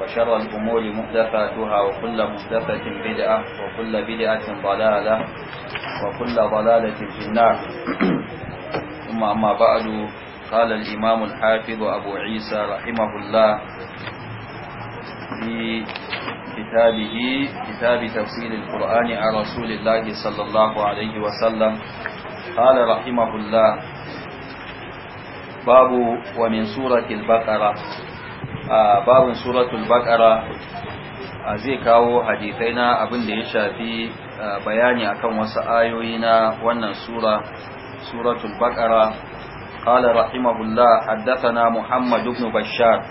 وشر الأمور محدثاتها وكل محدثة بدعة وكل بدعة ضلالة وكل ضلالة في النار ثم أما بعد قال الإمام الحافظ أبو عيسى رحمه الله في كتابه كتاب تفسير القرآن عن رسول الله صلى الله عليه وسلم قال رحمه الله باب ومن سورة البقرة a babin suratul baqara zai kawo hadisai na abin da ya shafi bayani akan wasu ayoyi na wannan sura suratul baqara qala rahimahullah haddathana muhammad ibn bashar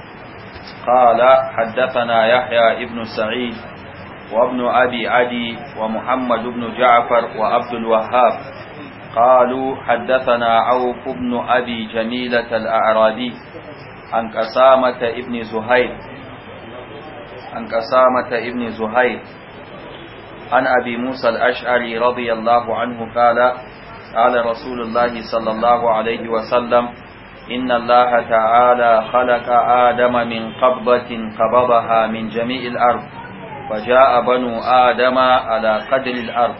qala haddathana yahya ibn sa'id وابن أبي عدي ومحمد بن جعفر وعبد الوهاب قالوا حدثنا عوف بن أبي جميلة الأعرابي an ƙasa mata ibni zuhaid an ƙasa mata ibni zuhaid an abi musa al’ash’ari radiyallahu anhu kala ala rasulullahi sallallahu alaihi wasallam inna Allah ta’ala khalaka adama min ƙabbatin ƙababaha min jami’il arb faja a banu adama ala ƙadilil arb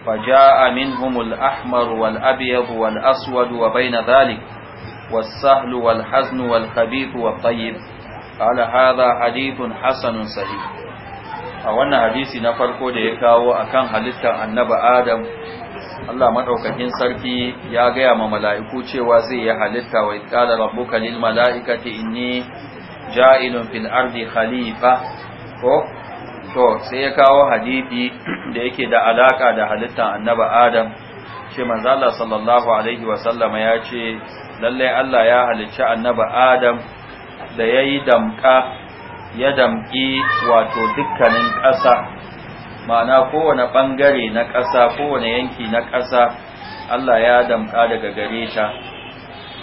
faja a min humul ahmaru wal’abiyabu wal’aswadu wa baina na zalik والسهل والحزن والخبيث والطيب قال هذا حديث حسن صحيح a wannan hadisi na farko da ya kawo akan halittar annaba adam Allah madaukakin sarki ya gaya ma mala'iku cewa zai yi halitta wa qala rabbuka lil mala'ikati inni ja'ilun fil ardi khalifa ko to sai ya kawo hadisi da yake da alaka da halittar annaba adam ce manzo Allah sallallahu alaihi wasallama ya ce lallai Allah ya halicci annabi Adam da yayi damka ya damki wato dukkanin ƙasa ma'ana kowane bangare na ƙasa kowane yanki na ƙasa Allah ya damka daga gare ta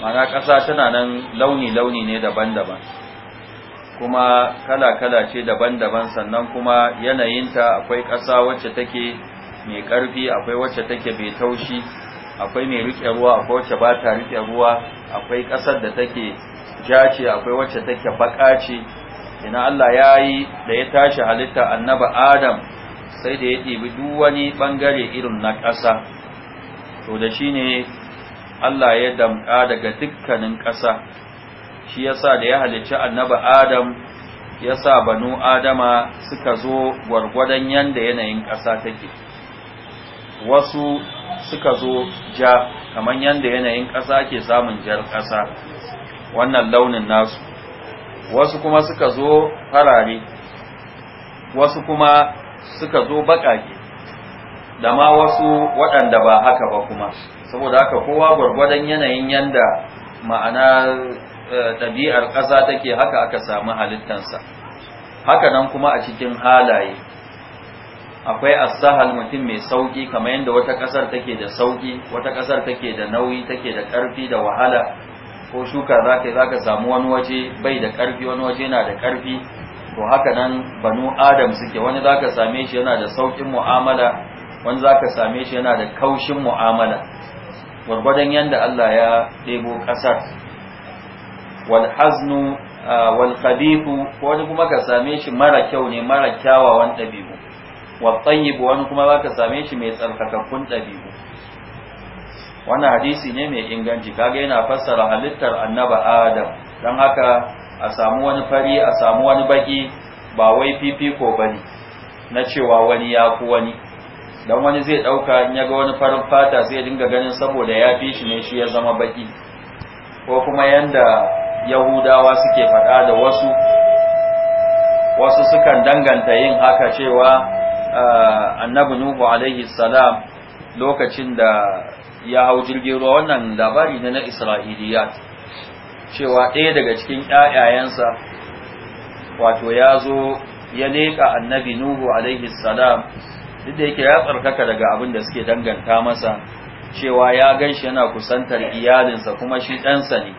ma'ana ƙasa tana nan launi-launi ne daban-daban kuma kala-kala ce daban-daban sannan kuma yanayinta akwai ƙasa wacce take mai ƙarfi akwai wacce take mai taushi akwai mai rike ruwa akwai wacce ba ta rike ruwa akwai ƙasar da take jace akwai wacce take baka ce ina Allah ya yi da ya tashi halitta annaba Adam sai da ya ɗibi duk wani ɓangare irin na ƙasa to da shi ne Allah ya damƙa daga dukkanin ƙasa shi ya sa da ya halicci annaba Adam ya sa banu Adama suka zo gwargwadon yanda yanayin ƙasa take wasu suka zo ja kamar yadda yanayin ƙasa ke samun jar ƙasa wannan launin nasu wasu kuma suka zo farare wasu kuma suka zo baƙaƙe da ma wasu waɗanda ba haka ba kuma saboda haka kowa gwargwadon yanayin yanda ma'ana eh, ɗabi'ar ƙasa take haka aka samu halittansa haka nan kuma a cikin halaye akwai asahal mutum mai sauki kamar yadda wata kasar take da sauki wata kasar take da nauyi take da karfi da wahala ko shuka za za ka samu wani waje bai da karfi wani waje yana da karfi to haka nan banu adam suke wani za ka same shi yana da saukin mu'amala wani za ka same shi yana da kaushin mu'amala gwargwadon yadda Allah ya ɗebo ƙasar, wal haznu ah, wal ko wani kuma ka same shi mara kyau ne mara kyawawan ɗabi'u والطيب wani kuma zaka same shi mai tsarkakakkun dabi'u wannan hadisi ne mai inganci kaga yana fassara halittar annaba adam dan haka a samu wani fari a samu wani baki ba wai fifiko bane na cewa wani ya fi wani dan wani zai ɗauka in ya ga wani farin fata zai dinga ganin saboda ya fi shi ne shi ya zama baki ko kuma yanda yahudawa suke faɗa da wasu wasu sukan danganta yin haka cewa annabi nuhu alaihi salam lokacin da ya hau jirgin ruwa wannan labari ne na isra'iliyat cewa ɗaya daga cikin ƴaƴayensa wato ya zo ya leƙa annabi nuhu alaihi salam duk da yake ya tsarkaka daga abin da suke danganta masa cewa ya ganshi yana kusantar iyalinsa kuma shi ɗansa ne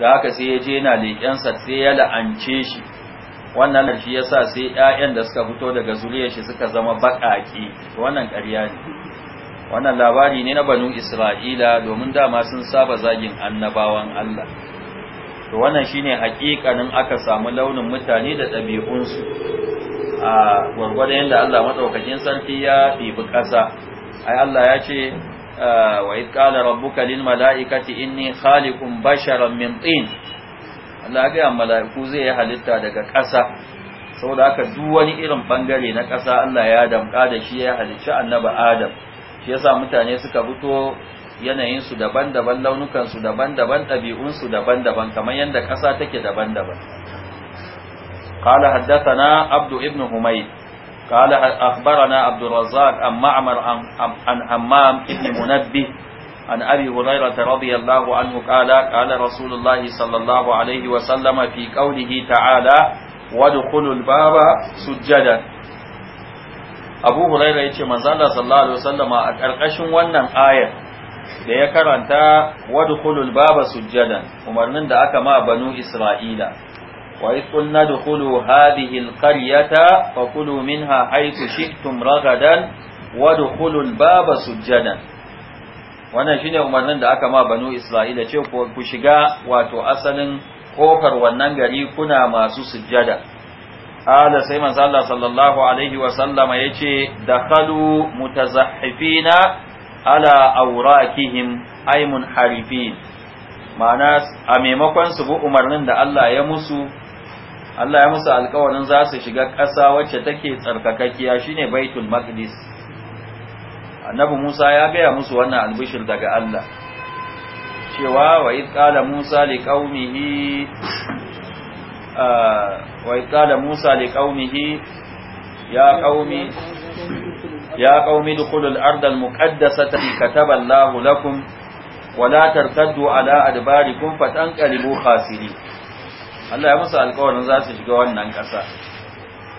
da haka sai ya je yana leƙensa sai ya la'ance shi wannan shi yasa sai ƴaƴan da suka fito daga zuriyar shi suka zama baƙaƙe wannan ƙarya ne wannan labari ne na banu Isra'ila domin dama sun saba zagin annabawan Allah to wannan shine haƙiƙanin aka samu launin mutane da ɗabi'unsu a gwargwadon yadda Allah madaukakin sarki ya bibi ƙasa ai Allah ya ce wa idh qala rabbuka lil mala'ikati inni khaliqun basharan min tin Allah ga mala'iku zai yi halitta daga ƙasa saboda haka duk wani irin bangare na ƙasa Allah ya damƙa da shi ya halicci annabi Adam shi yasa mutane suka fito yanayinsu daban-daban launukansu daban-daban ɗabi'unsu daban-daban kamar yadda ƙasa take daban-daban قال حدثنا عبد ابن حميد قال أخبرنا عبد الرزاق عن معمر عن حمام ابن منبه عن أبي هريرة رضي الله عنه قال قال رسول الله صلى الله عليه وسلم في قوله تعالى وادخلوا الباب سجدا أبو هريرة يتي من صلى الله عليه وسلم أترقش ونن آية da ya karanta wadkhulul baba sujjadan umarnin da aka ma banu isra'ila wa iz qulna dukhulu hadhihi karyata fa kulu minha haythu shi'tum ragadan wadkhulul baba sujjadan wannan shine umarnin da aka ma banu isra'ila ce ku shiga wato asalin kofar wannan gari kuna masu sujjada ala sai manzo Allah sallallahu alaihi wa sallama yace dakhalu mutazahhifina ala awraqihim ay munharifin ma'ana a maimakon su bu umarnin da Allah ya musu Allah ya musu alƙawarin za su shiga ƙasa wacce take tsarkakakkiya shine baitul maqdis annabi Musa ya gaya musu wannan albishir daga Allah cewa wa idh qala Musa liqaumihi uh, wa ya qaumi ya qaumi dukhulul ardal muqaddasata kataba Allah lakum wala tartaddu ala adbarikum fatanqalibu khasiri Allah ya musu alƙawarin za su shiga wannan ƙasa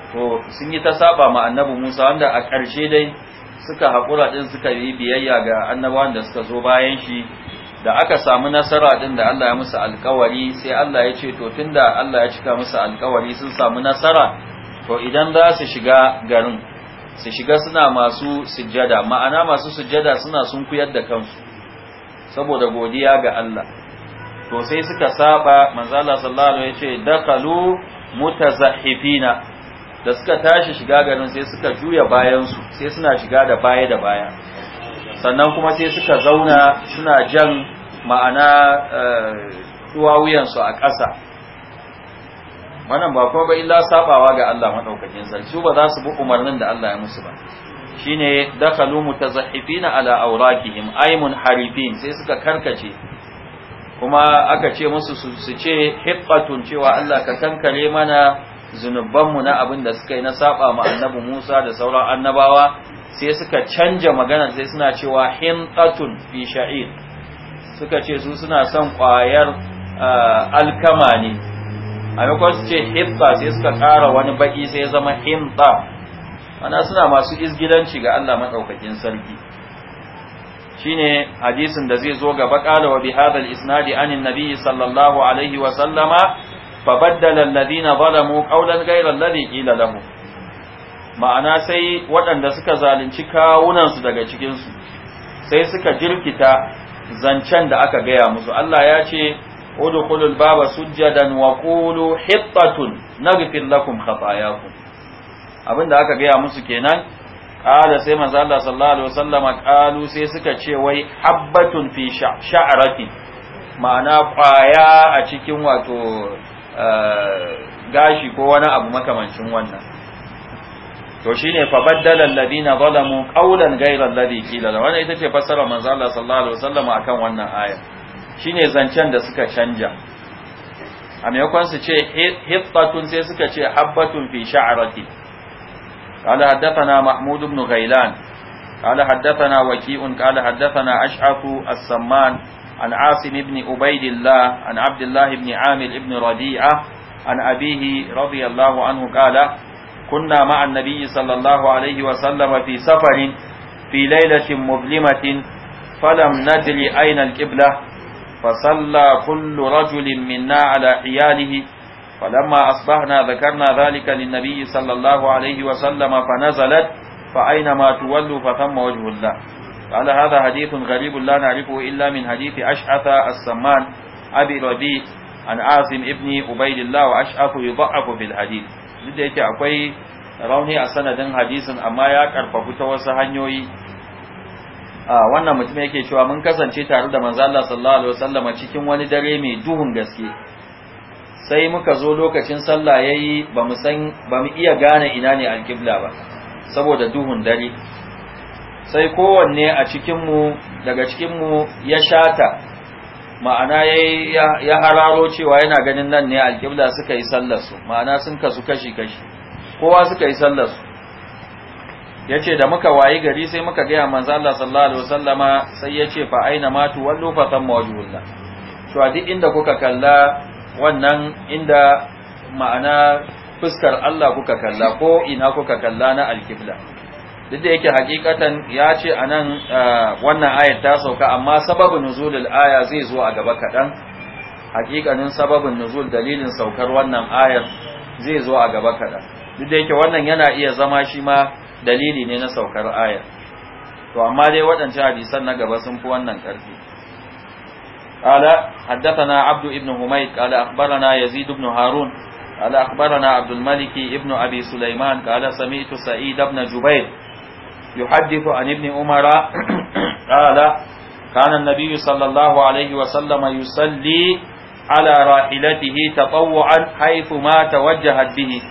to sun yi ta saba ma annabi Musa wanda a ƙarshe dai suka haƙura ɗin suka yi biyayya ga annabawan da suka zo bayan shi da aka samu nasara ɗin da Allah ya musu alƙawari, sai Allah ya ce to tunda Allah ya cika musu alƙawari sun samu nasara to idan za su shiga garin su shiga suna masu sujjada ma'ana masu sujjada suna sun kuyar da kansu saboda godiya ga Allah to sai suka saba manzo Allah sallallahu alaihi wasallam ya ce dakalu mutazahifina da suka tashi shiga garin sai suka juya bayansu sai suna shiga da baya da baya sannan kuma sai suka zauna suna jan ma'ana eh, duwawuyansu a ƙasa wannan ba kuma ba illa sabawa ga Allah madaukakin sarki ba za su bi umarnin da Allah ya musu ba shine dakhalu mutazahifina ala awrakihim aymun harifin sai suka karkace kuma aka ce musu su ce hiqqatun cewa Allah ka kankare mana zunubanmu na abin da suka yi na saba ma annabi Musa da sauran annabawa sai suka canja magana sai suna cewa hintatun fi sha'ir suka ce su suna son kwayar eh, alkama ne a yi su ce hitta sai suka ƙara wani baƙi sai zama hinta ana suna masu izgidanci ga Allah maɗaukakin sarki shine hadisin da zai zo gaba ƙala wa bi hadal isnadi anin nabi sallallahu alaihi wa sallama fabaddala alladhina zalamu qawlan ghayra alladhi qila lahum ma'ana sai waɗanda suka zalunci kawunansu daga cikin su, sai suka jirkita zancen da aka gaya musu Allah ya ce udkhulul baba sujjadan wa qulu hittatun naghfir lakum khatayakum abinda aka gaya musu kenan qala sai manzo Allah sallallahu alaihi wasallam qalu sai suka ce wai habbatun fi sha'rati ma'ana kwaya a cikin wato Eh, gashi ko wani abu makamancin wannan to shine fa baddala alladina zalamu qawlan ghayra alladhi qila wa ita ce fassara manzo Allah sallallahu alaihi wasallam akan wannan aya shine zancen da suka canja a maimakon su ce hittatun sai suka ce habbatun fi sha'rati قال حدثنا محمود بن غيلان قال حدثنا وكيء قال حدثنا أشعث السمان عن عاصم بن عبيد الله عن عبد الله بن عامر بن ربيعة عن أبيه رضي الله عنه قال كنا مع النبي صلى الله عليه وسلم في سفر في ليلة مظلمة فلم ندري أين القبلة فصلى كل رجل منا على حياله فلما أصبحنا ذكرنا ذلك للنبي صلى الله عليه وسلم فنزلت فأينما تولوا فثم وجه الله قال هذا حديث غريب لا نعرفه إلا من حديث أشعث السمان أبي ربيع عن عاصم ابن عبيد الله وأشعث يضعف في الحديث yake akwai rauni a sanadin hadisin amma ya karfafu ta wasu hanyoyi wannan mutum yake cewa mun kasance tare da manzo Allah sallallahu alaihi wasallam cikin wani dare mai duhun gaske sai muka zo lokacin sallah yayi bamu san mu iya gane ina ne alqibla ba saboda duhun dare sai kowanne a cikinmu daga cikinmu ya shata ma'ana ya hararo cewa yana ganin nan ne alƙibla suka yi sallarsu ma'ana sun kasu kashi-kashi kowa suka yi sallarsu ya ce da muka wayi gari sai muka gaya manzo Allah sallallahu alaihi wasallama sai ya ce fa aina matu wallo fa tamma wajhullah to duk inda kuka kalla wannan inda ma'ana fuskar Allah kuka kalla ko ina kuka kalla na alkibla duk da yake hakikatan ya ce a nan wannan ayar ta sauka amma sababin nuzulul aya zai zo a gaba kaɗan hakikanin sababin nuzul dalilin saukar wannan ayar zai zo a gaba kaɗan duk da yake wannan yana iya zama shi ma dalili ne na saukar ayar to amma dai waɗancan hadisan na gaba sun fi wannan ƙarfi قال حدثنا عبد ابن حميد قال أخبرنا يزيد بن هارون قال أخبرنا عبد الملك ابن أبي سليمان قال سمعت سعيد بن جبير يحدث عن ابن عمر قال كان النبي صلى الله عليه وسلم يصلي على راحلته تطوعا حيثما توجهت به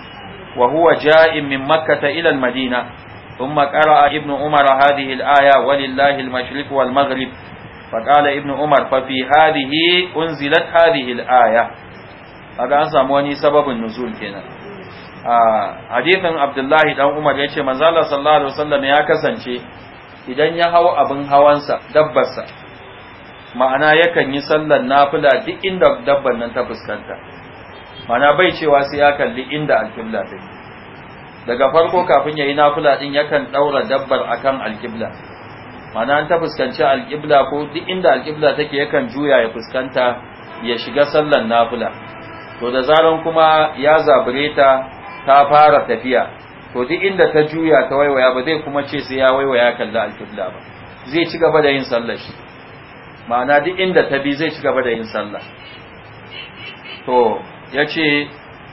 وهو جاء من مكة إلى المدينة ثم قرأ ابن عمر هذه الآية ولله المشرق والمغرب فقال ابن عمر ففي هذه أنزلت هذه الآية هذا أنسى مواني سبب النزول كنا A hadithin abdullahi dan umar ya ce manzala sallallahu alaihi wasallam ya kasance idan ya hau abin hawansa dabbarsa ma'ana yakan yi sallar nafila duk inda dabban nan ta fuskanta ma'ana bai cewa sai ya kalli inda alkibla take daga farko kafin ya yi nafila din yakan daura dabbar akan alkibla ma'ana an ta fuskanci alkibla ko duk inda alkibla take yakan juya ya fuskanta ya shiga sallar nafila to da zaran kuma ya zabure ta ta fara tafiya to duk inda ta juya ta waiwaya ba zai kuma ce sai ya waiwaya kalla alƙibla ba zai ci gaba da yin sallar shi ma'ana duk inda ta bi zai ci gaba da yin sallah to ya ce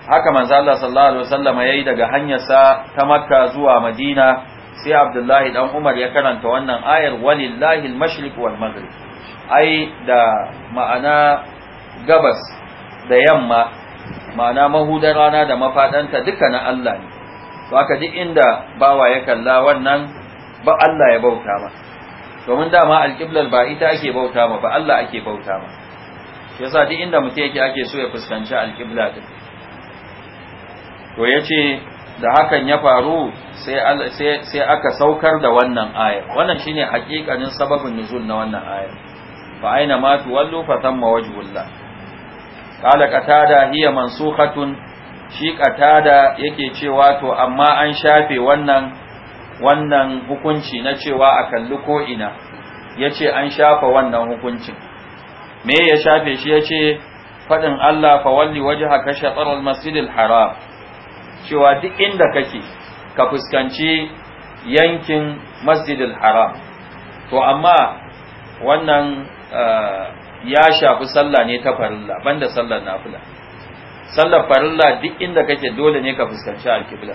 haka manzo Allah sallallahu alaihi wasallam yayi daga hanyar sa ta Makka zuwa Madina sai Abdullahi dan Umar ya karanta wannan ayar walillahi al-mashriq wal maghrib ai da ma'ana gabas da yamma ma'ana mahudar rana da mafadanta duka na Allah ne to aka ji inda bawa ya kalla wannan ba Allah ya bauta ma domin dama alƙiblar ba ita ake bauta ma ba Allah ake bauta ma yasa duk inda mutum yake ake so ya fuskanci alqibla din to yace da hakan ya faru sai sai aka saukar da wannan aya wannan shine hakikanin sababin nuzul na wannan aya fa aina ma tuwallu fa thamma wajhullah qala qatada hiya mansukhatun shi qatada yake cewa to amma an shafe wannan wannan hukunci na cewa a kalli ko ina yace an shafa wannan hukuncin me ya shafe shi yace fadin Allah fa walli haka shatr al-masjidil haram cewa duk inda kake ka fuskanci yankin masjidil haram to amma wannan ya shafi sallah ne ta farilla banda sallar nafila sallar farilla duk inda kake dole ne ka fuskanci alƙibla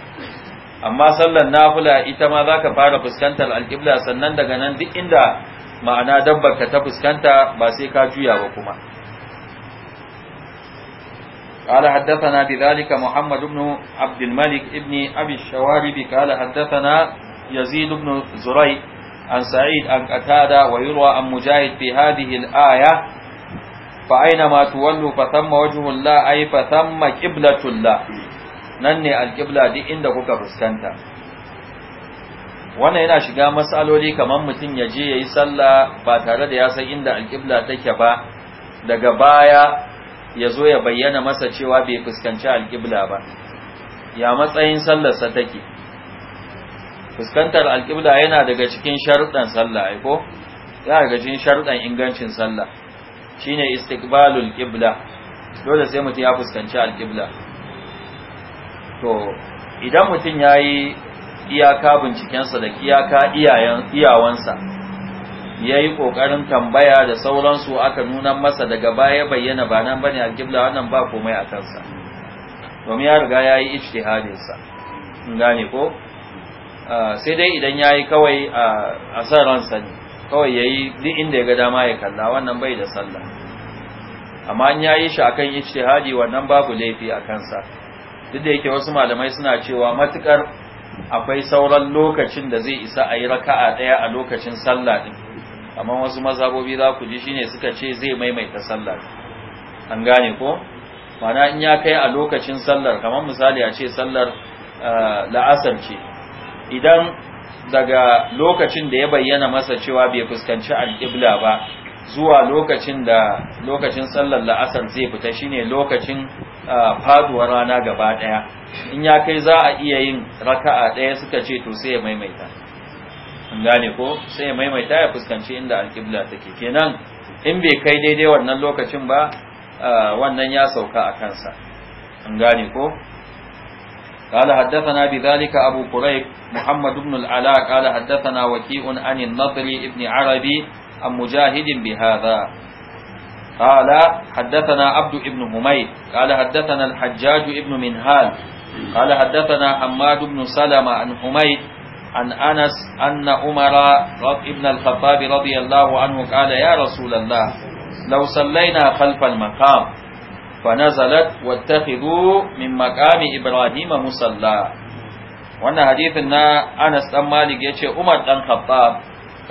amma sallar nafila ita ma za ka fara fuskantar alƙibla sannan daga nan duk inda ma'ana dabbar ka ta fuskanta ba sai ka juya ba kuma قال حدثنا بذلك محمد بن عبد الملك ابن أبي الشوارب قال حدثنا يزيد بن زريع عن سعيد عن قتادة ويروى عن مجاهد في هذه الآية fa aina ma tuwallu fa thamma la ay fa thamma la nan ne alqibla duk inda kuka fuskanta wannan yana shiga masaloli kamar mutum ya je yayi sallah ba tare da ya san inda alqibla take ba daga baya yazo ya bayyana masa cewa bai fuskanci alqibla ba ya matsayin sallarsa take fuskantar alqibla yana daga cikin sharuɗan sallah ai ko yana daga cikin sharuɗan ingancin sallah shine istiqbalul qibla dole sai mutum ya fuskanci alqibla to idan mutum yayi iyaka bincikensa da iyaka iyayen iyawansa yayi kokarin tambaya da sauransu aka nuna masa daga baya bayyana ba nan bane alqibla wannan ba komai a kansa domin ya riga yayi ijtihadin sa gane ko ah, sai dai idan yayi kawai ah, a san ransa ne kawai yayi duk inda ya ga dama ya kalla wannan bai da sallah amma in yi shi akan ijtihadi wannan babu laifi a kansa duk da yake wasu malamai suna cewa matukar akwai sauran lokacin da zai isa a yi raka'a ɗaya a lokacin sallah din amma wasu mazhabobi za ku ji shine suka ce zai maimaita sallah an gane ko mana in ya kai a lokacin sallar kamar misali a ce sallar eh, la'asar ce idan daga lokacin da ya bayyana masa cewa bai fuskanci alƙibla ba zuwa lokacin da lokacin sallar la'asar zai fita shine lokacin faduwar rana gaba daya in ya kai za a iya yin raka'a daya suka ce to sai ya maimaita an gane ko sai ya maimaita ya fuskanci inda alƙibla take kenan in bai kai daidai wannan lokacin ba wannan ya sauka a kansa an gane ko قال حدثنا بذلك أبو قريب محمد بن العلاء قال حدثنا وكيء عن النضر ابن عربي عن مجاهد بهذا قال حدثنا عبد ابن هميد قال حدثنا الحجاج ابن منهال قال حدثنا حماد بن سلمة عن حميد عن أنس أن عمر ابن الخطاب رضي الله عنه قال يا رسول الله لو صلينا خلف المقام فنزلت واتخذوا من مقام إبراهيم مصلى wannan hadithin na Anas dan Malik yace Umar dan Khattab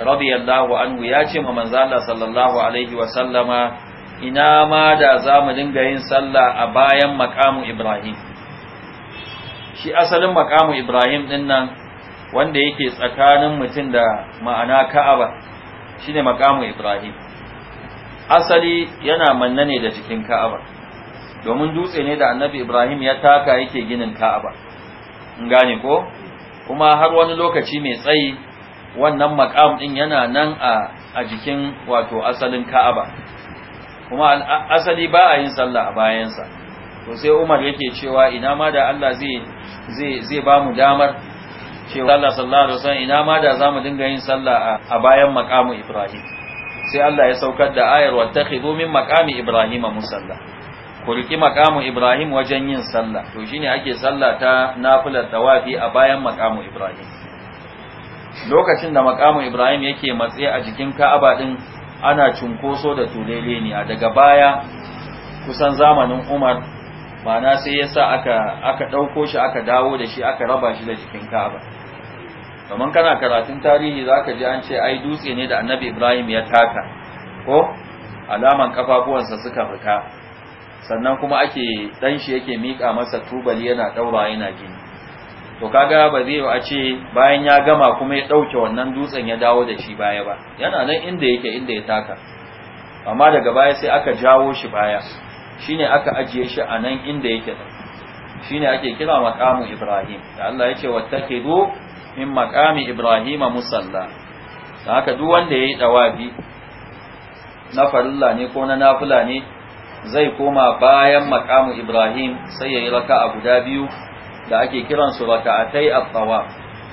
radiyallahu anhu yace ma manzo sallallahu alaihi wa sallama ina ma da zamu dinga yin sallah a bayan maqamu Ibrahim shi asalin maqamu Ibrahim din wanda yake tsakanin mutum da ma'ana Ka'aba shine maqamu Ibrahim asali yana manne ne da cikin Ka'aba domin dutse ne da annabi ibrahim ya taka yake ginin ka'aba in gane ko kuma har wani lokaci mai tsayi wannan maqam din yana nan a a jikin wato asalin ka'aba kuma asali ba a yin sallah a bayansa to sai umar yake cewa ina ma da allah zai zai zai ba mu damar cewa Allah sallallahu alaihi wasallam ina ma da zamu dinga yin sallah a bayan maqamu ibrahim sai allah ya saukar da ayar takhidhu min maqami ibrahima musalla ku riƙi makamu Ibrahim wajen yin sallah to shine ake sallah ta nafilar tawafi a bayan makamu Ibrahim lokacin da makamu Ibrahim yake matse a jikin Ka'aba din ana cunkoso da tulele ne a daga baya kusan zamanin Umar ma'ana sai yasa aka aka dauko shi aka dawo da shi aka raba shi da jikin Ka'aba kamar kana karatun tarihi zaka ji an ce ai dutse ne da Annabi Ibrahim ya taka ko alaman kafafuwansa suka fita sannan kuma ake dan shi yake mika masa tubali yana daura yana gini to kaga ba zai a ce bayan ya gama kuma ya dauke wannan dutsen ya dawo da shi baya ba yana nan inda yake inda ya taka amma daga baya sai aka jawo shi baya shine aka ajiye shi a nan inda yake da shine ake kira maqamu ibrahim da Allah ya ce wattakidu min maqami ibrahima musalla da haka duk wanda yayi dawabi na farilla ne ko na nafila ne zai koma bayan makamu Ibrahim sai ya yayi raka'a guda biyu da ake kiransu tai raka'atai tsawa.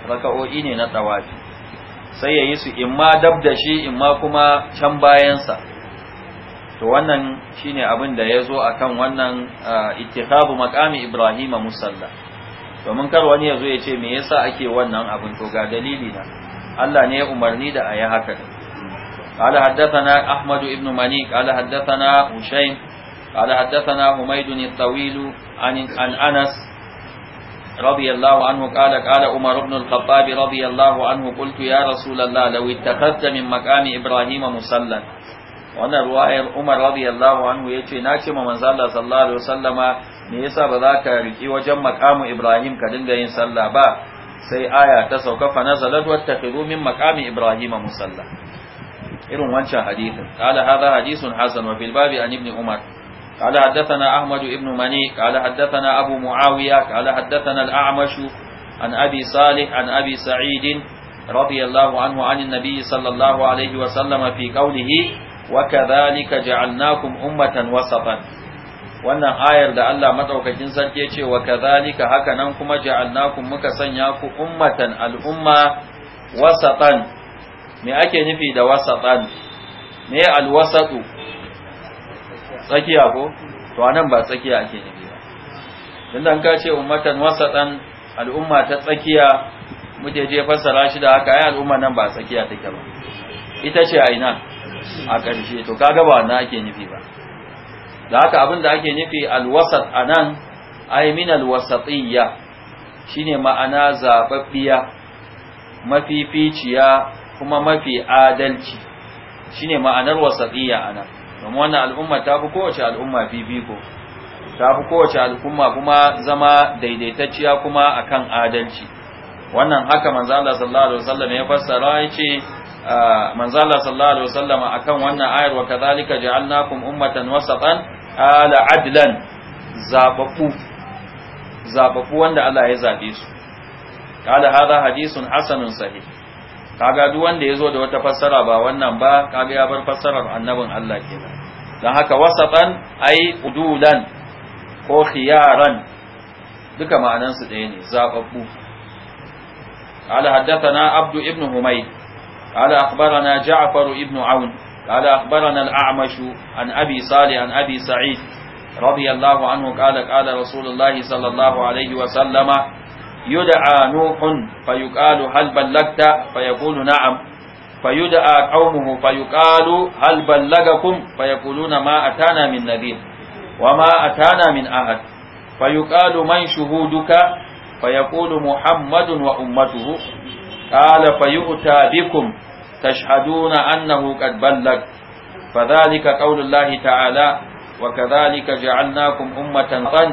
Raka raka'o'i ne na tsawafi. sai ya yi su ma dab da shi in ma kuma can bayansa. to wannan shi ne abin da ya zo a kan wannan ittikhadu makamu Ibrahim a musalla domin kar wani ya zo ya ce me yasa ake wannan abin to ga dalili na Allah ne ya umarni da a yi haka قال حدثنا أحمد بن مني قال حدثنا هشيم قال حدثنا حميد الطويل عن عن انس رضي الله عنه قال قال عمر بن الخطاب رضي الله عنه قلت يا رسول الله لو اتخذت من مقام ابراهيم مصلى وانا روايه عمر رضي الله عنه yace na ce ma manzala Allah sallallahu me yasa ba za ka riki wajen maqamu Ibrahim ka dinga yin sallah ba sai aya ta sauka fa nazalat wattakhidhu min maqami Ibrahim musalla irin wancan hadisin qala hadha hadithun hasan wa fil babi Umar قال حدثنا أحمد بن مني قال حدثنا أبو معاوية قال حدثنا الأعمش عن أبي صالح عن أبي سعيد رضي الله عنه عن النبي صلى الله عليه وسلم في قوله وكذلك جعلناكم أمة وسطا wannan ayar da Allah madaukakin sarki yace wa kadhalika haka nan kuma ja'alnakum muka sanya ku ummatan al'umma wasatan me ake nufi da wasatan me alwasatu tsakiya ko to anan ba tsakiya ake nufi ba dan dan ka ce ummatan wasatan al'umma ta tsakiya muke je fassara shi da haka ai al'umma nan ba tsakiya take ba ita ce a ina a ƙarshe to kaga ba wannan ake nufi ba da haka abin da ake nufi alwasat anan ai min alwasatiyya shine ma'ana zababbiya mafificiya kuma mafi adalci shine ma'anar wasatiyya anan domin wannan al'umma ta fi kowace al'umma fifiko ta fi kowace al'umma kuma zama daidaitacciya kuma akan adalci wannan haka manzala sallallahu alaihi wasallam ya fassara ya ce ah, manzala sallallahu alaihi wasallam akan wannan ayar wa kadhalika ja'alnakum ummatan wasatan ala adlan zababu zababu wanda Allah ya zabe su قال هذا حديث حسن صحيح kaga duk wanda yazo da wata fassara ba wannan ba kaga ya bar fassarar annabin Allah kenan dan haka wasatan ai udulan ko khiyaran duka ma'anan su ɗaya ne zababbu قال حدثنا عبد ابن حميد قال أخبرنا جعفر ابن عون قال أخبرنا الأعمش عن أبي صالح عن أبي سعيد رضي الله عنه قال قال رسول الله صلى الله عليه وسلم yud'a nuhun fayuqalu hal ballagta fayaqulu na'am fayud'a qaumuhu fayuqalu hal ballagakum fayaquluna ma atana min nabiy wa ma atana min ahad fayuqalu man shuhuduka fayaqulu muhammadun wa ummatuhu qala fayu'ta bikum tashhaduna annahu qad ballag fadhalika qawlu ta'ala وكذلك جعلناكم أمة طن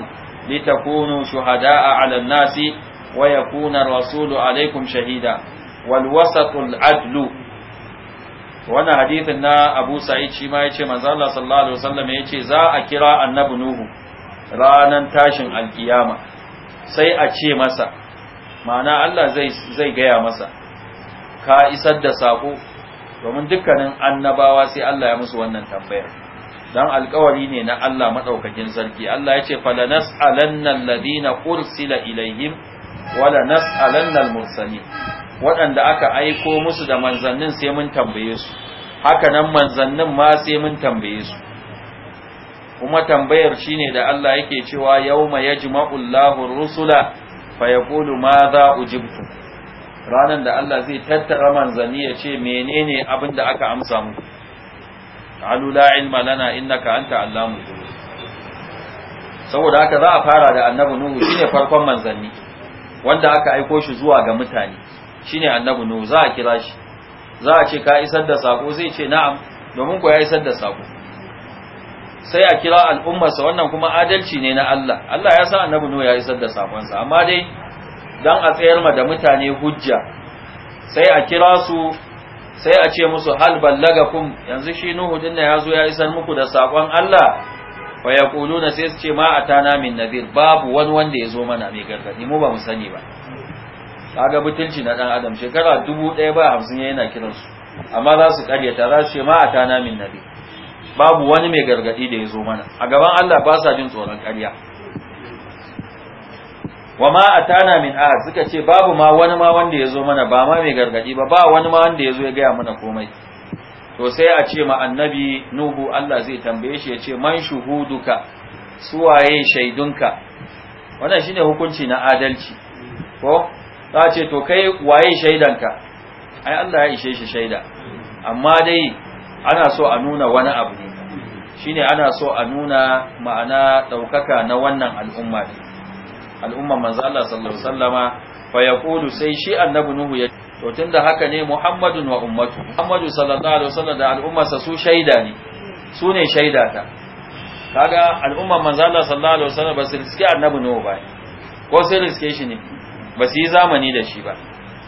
لتكونوا شهداء على الناس wa yakuna rasulu alaikum shahida wal wasatul adlu wannan hadithin na Abu Sa'id ma yace manzo Allah sallallahu alaihi wasallam yace za a kira annabi Nuhu ranan tashin alkiyama sai a ce masa ma'ana Allah zai gaya masa ka isar da sako domin dukkanin annabawa sai Allah ya musu wannan tambayar dan alkawari ne na Allah madaukakin sarki Allah yace falanas'alanna alladhina ursila ilaihim wala nas'alanna al-mursalin waɗanda aka aiko musu da manzannin sai mun tambaye su haka nan manzannin ma sai mun tambaye su kuma tambayar shine da Allah yake cewa yauma yajma'u Allahu rusula fa yaqulu za ujibtu ranan da Allah zai tattara manzanni ya ce menene abin da aka amsa mu alu la ilma lana innaka anta allamul saboda haka za a fara da annabi nuhu shine farkon manzanni wanda aka aiko shi zuwa ga mutane shine annabi nuhu za a kira shi za a ce ka isar da sako zai ce na'am domin ko ya isar da sako sai a kira al'ummarsa wannan kuma adalci ne na Allah Allah ya sa annabi ya isar da sakonsa amma dai dan a tsayar ma da mutane hujja sai a kira su sai a ce musu hal ballagakum yanzu shi nuhu dinna ya zo ya isar muku da sakon Allah fa yaquluna sai su ce ma atana min nadir babu wani wanda ya zo mana mai gargadi mu ba mu sani ba kaga butulci na dan adam shekara hamsin yana kiran su amma za su karyata za su ce ma atana min nadir babu wani mai gargadi da ya zo mana a gaban Allah ba sa jin tsoron karya wa ma atana min ahad suka ce babu ma wani ma wanda ya zo mana ba ma mai gargadi ba ba wani ma wanda ya zo ya gaya mana komai to sai a ce ma annabi nuhu Allah zai tambaye shi ya ce man shuhuduka suwaye shaidunka wannan shine hukunci na adalci ko za ce to kai waye shaidanka ai Allah ya ishe shi shaida amma dai ana so a nuna wani abu ne shine ana so a nuna ma'ana daukaka na wannan al'umma al'umma manzo Allah sallallahu alaihi wasallama fa yaqulu sai shi annabi nuhu ya to da haka ne muhammadun wa ummatu muhammadu sallallahu alaihi wasallam da al'ummarsa su shaida ne su ne shaida ta kaga al'ummar manzo Allah sallallahu alaihi wasallam ba su riske annabi nuhu ba ko sai riske shi ne ba su yi zamani da shi ba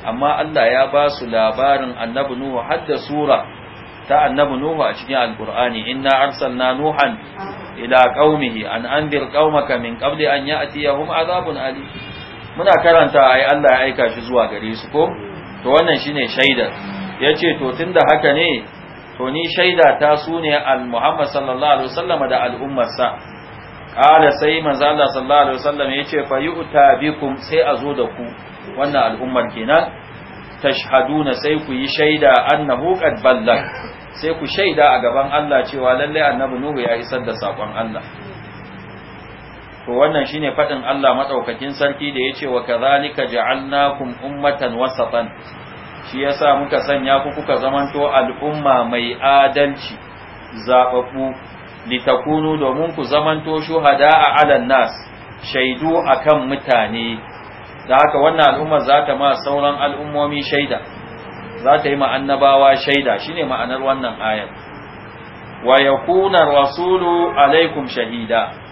amma Allah ya ba su labarin annabi nuhu hadda sura ta annabi nuhu a cikin alqur'ani inna arsalna nuhan ila qaumihi an anzir qaumaka min qabli an ya'tiyahum azabun Ali. muna karanta ai Allah ya aika shi zuwa gare su ko to wannan shine shaidar yace to tunda haka ne to ni shaida ta sune al Muhammad sallallahu alaihi wasallam da al ummarsa qala sai manzo Allah sallallahu alaihi wasallam yace fa yu'ta bikum sai a zo da ku wannan al ummar kenan tashhaduna sai ku yi shaida annahu qad ballag sai ku shaida a gaban Allah cewa lalle annabi Nuhu ya isar da sakon Allah to wannan shine fadin Allah madaukakin sarki da yace wa kadhalika ja'alnakum ummatan wasatan shi yasa muka sanya ku kuka zamanto al'umma mai adalci zababbu litakunu domin ku zamanto shuhada'a 'alan nas shaidu akan mutane da haka wannan al'umma za ta ma sauran al'ummomi shaida za ta yi ma annabawa shaida shine ma'anar wannan ayar wa yakuna rasulu alaikum shahida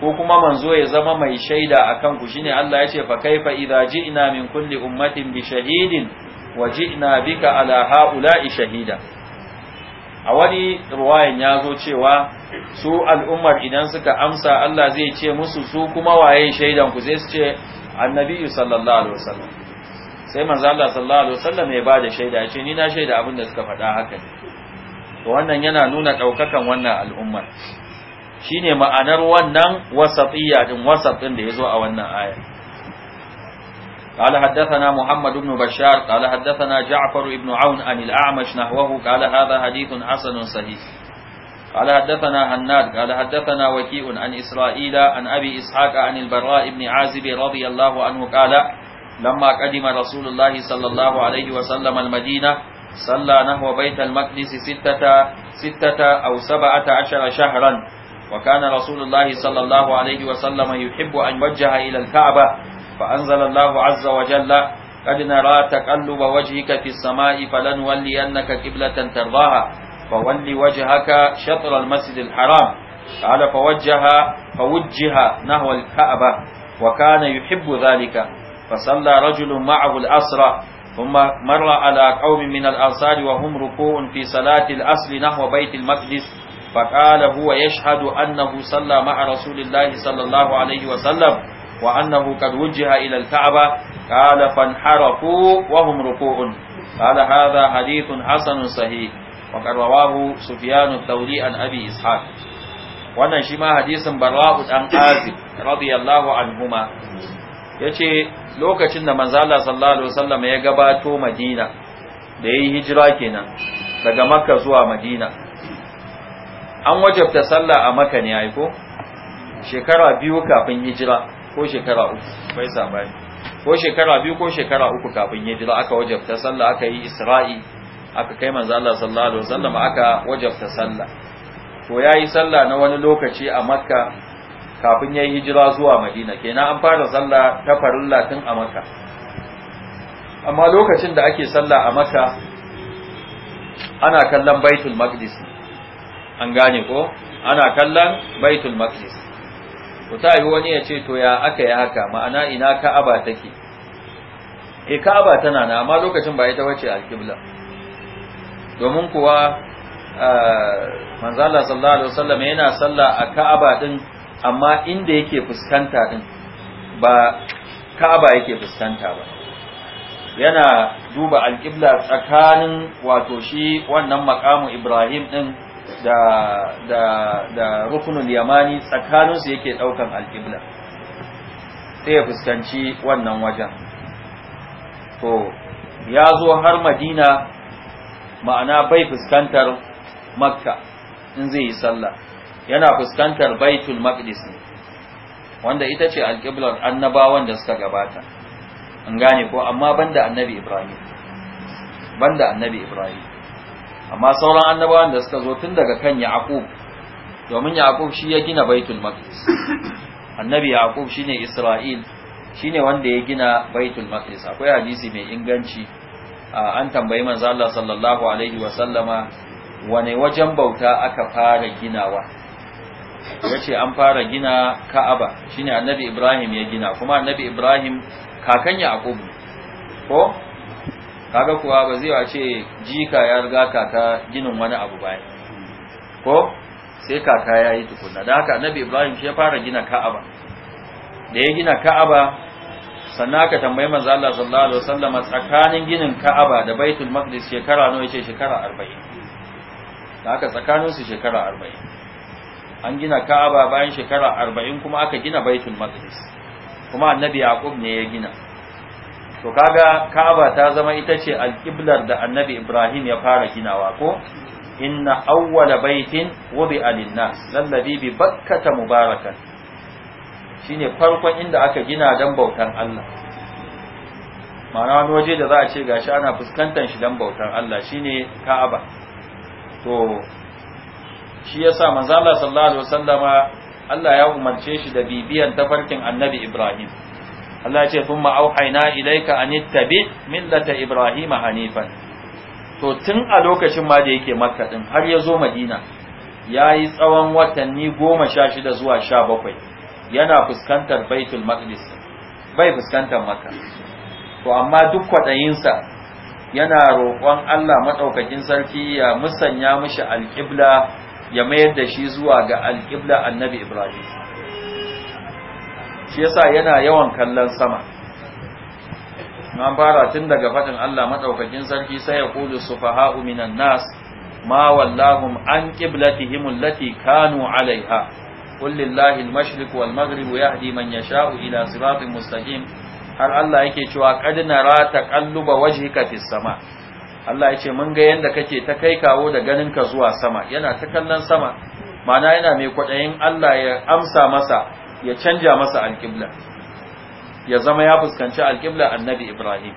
ko kuma manzo ya zama mai shaida akan ku shine Allah ya ce fa kaifa idza ji'na min kulli ummatin bi shahidin wa ji'na bika ala haula'i shahida a wani ruwayan ya zo cewa su al'ummar idan suka amsa Allah zai ce musu su kuma waye shaidan ku sai ce annabi sallallahu alaihi wasallam sai manzo Allah sallallahu alaihi wasallam ya bada shaida ya ce ni na shaida abin da suka faɗa haka to wannan yana nuna ɗaukakan wannan al'ummar shine ma'anar wannan wasatiyya din wasat din da yazo a wannan aya قال حدثنا محمد بن بشار قال حدثنا جعفر بن عون عن الأعمش نحوه قال هذا حديث حسن صحيح قال حدثنا هناد قال حدثنا وكيء عن إسرائيل عن أبي إسحاق عن البراء بن عازب رضي الله عنه قال لما قدم رسول الله صلى الله عليه وسلم المدينة صلى نحو بيت المقدس ستة, ستة أو سبعة عشر شهرا وكان رسول الله صلى الله عليه وسلم يحب أن يوجه إلى الكعبة فأنزل الله عز وجل قد نرى تقلب وجهك في السماء فلنولينك كبلة ترضاها فول وجهك شطر المسجد الحرام قال فوجه فوجه نحو الكعبة وكان يحب ذلك فصلى رجل معه الأسرى ثم مر على قوم من الأنصار وهم ركوع في صلاة الأصل نحو بيت المقدس فقال هو يشهد أنه صلى مع رسول الله صلى الله عليه وسلم وأنه قد وجه إلى الكعبة قال فانحرفوا وهم ركوع قال هذا حديث حسن صحيح وقد رواه سفيان الثوري عن أبي إسحاق wannan shi ma hadisin bara'u dan azib radiyallahu anhuma yace lokacin da manzo Allah sallallahu alaihi wasallam ya gabato Madina da yayi hijira kenan daga Makka zuwa Madina an wajabta sallah a maka ne ai ko shekara biyu kafin hijira ko shekara uku bai sabai ko shekara biyu ko shekara uku kafin hijira aka wajabta sallah aka yi isra'i aka kai manzo Allah sallallahu alaihi wasallam aka wajabta sallah to yayi sallah na wani lokaci a makka kafin yayi hijira zuwa madina kenan an fara sallah ta farilla tun a makka amma lokacin da ake sallah a makka ana kallon baitul maqdis an gane ko ana kallon baitul maqdis to ta yi wani yace to ya aka yi haka ma'ana ina ka'aba take e ka'aba tana na amma lokacin ba ita wace alqibla domin kuwa ah, manzo Allah sallallahu alaihi wasallam yana sallah a ka'aba din amma inda yake fuskanta din ba ka'aba yake fuskanta ba yana duba alqibla tsakanin wato shi wannan makamu Ibrahim din da da da rukunul yamani tsakanin su yake daukan alqibla sai ya fuskanci wannan wajen to ya zo har madina ma'ana bai fuskantar makka in zai yi sallah yana fuskantar baitul maqdis ne wanda ita ce alqiblar annabawan da suka gabata an gane ko amma banda annabi ibrahim banda annabi ibrahim amma sauran annabawan da suka zo tun daga kan yaqub domin yaqub shi ya gina baitul maqdis annabi yaqub shine isra'il shine wanda ya gina baitul maqdis akwai hadisi mai inganci an tambayi manzo Allah sallallahu alaihi wa sallama wane wajen bauta aka fara ginawa yace an fara gina ka'aba shine annabi ibrahim ya gina kuma annabi ibrahim kakan yaqub ko kaga kuwa ba zai wace jika ya riga kaka ginin wani abu ba ko sai kaka ya yi tukuna? da haka annabi ibrahim shi ya fara gina ka'aba da ya gina ka'aba sannan aka tambayi manzo Allah sallallahu alaihi wasallam tsakanin ginin ka'aba da baitul maqdis shekara nawa yace shekara 40 da haka tsakanin su shekara 40 an gina ka'aba bayan shekara 40 kuma aka gina baitul maqdis kuma annabi yaqub ne ya gina to kaga Ka'aba ta zama ita ce alƙiblar da Annabi Ibrahim ya fara ginawa ko inna awwala baitin wudi lin-nas lalladhi bi Bakkata mubarakan shine farkon inda aka gina dan bautan Allah ma'ana wani waje da za a ce gashi ana fuskantar shi dan bautan Allah shine Ka'aba to shi yasa manzo Allah sallallahu alaihi wasallama Allah ya umarce shi da bibiyan tafarkin Annabi Ibrahim Allah ce thumma auhayna ilayka an tabi millata ibrahima hanifan to tun a lokacin ma da yake makka din har ya zo madina yayi tsawon watanni goma sha shida zuwa sha bakwai yana fuskantar baitul maqdis bai fuskantar makka to amma duk kwaɗayinsa yana roƙon Allah maɗaukakin sarki ya musanya mishi alƙibla ya mayar da shi zuwa ga alƙibla annabi Ibrahim shi yasa yana yawan kallon sama an fara tun daga faɗin Allah madaukakin sarki sai ya kulu sufaha'u minan nas ma wallahum an qiblatihim allati kanu alaiha qul lillahi al wal maghrib yahdi man yasha'u ila siratin mustaqim har Allah yake cewa qad nara taqalluba wajhika fis sama Allah ya ce mun ga yanda kake ta kai kawo da ganin ka zuwa sama yana ta kallon sama ma'ana yana mai kwaɗayin Allah ya amsa masa ya canja masa alƙibla ya zama ya fuskanci alƙibla annabi ibrahim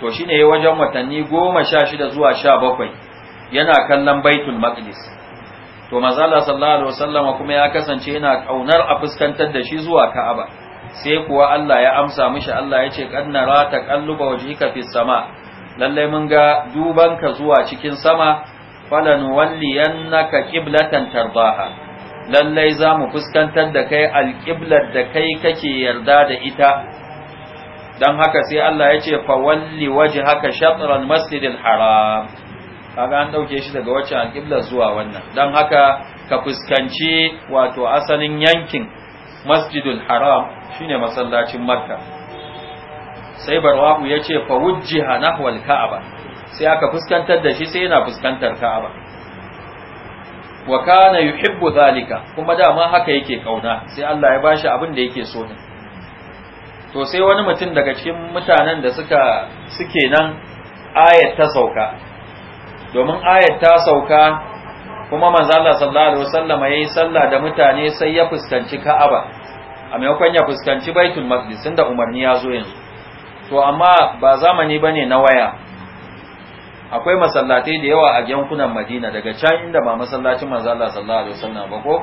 to shi ne wajen watanni goma sha shida zuwa sha bakwai yana kallon baitul maqdis to mazala sallallahu alaihi wasallama kuma ya kasance yana kaunar a fuskantar da shi zuwa ka'aba sai kuwa Allah ya amsa mishi Allah ya ce kad nara taqalluba wajhika fis sama lalle mun ga duban ka zuwa cikin sama falan walliyannaka qiblatan tardaha lallai za mu fuskantar da kai alƙiblar da kai kake yarda da ita don haka sai Allah ya ce fawalli waje haka shatran masjidin haram kaga an ɗauke shi daga wacce alƙiblar zuwa wannan don haka ka fuskanci wato asalin yankin masjidin haram shine masallacin makka sai barwau ya ce fawujjiha nahwal ka'aba sai aka fuskantar da shi sai yana fuskantar ka'aba wa kana yuhibbu zalika kuma dama haka yake kauna sai Allah ya bashi abin da yake so ne to sai wani mutum daga cikin mutanen da suka suke nan ayat ta sauka domin ayat ta sauka kuma manzo Allah sallallahu alaihi wasallam yayi sallah da mutane sai ya fuskanci Ka'aba a maimakon ya fuskanci Baitul Maqdis inda umarni ya zo yanzu to amma ba zamani bane na waya akwai masallatai da yawa a yankunan Madina daga can inda ba masallacin manzo Allah sallallahu alaihi wasallam ba ko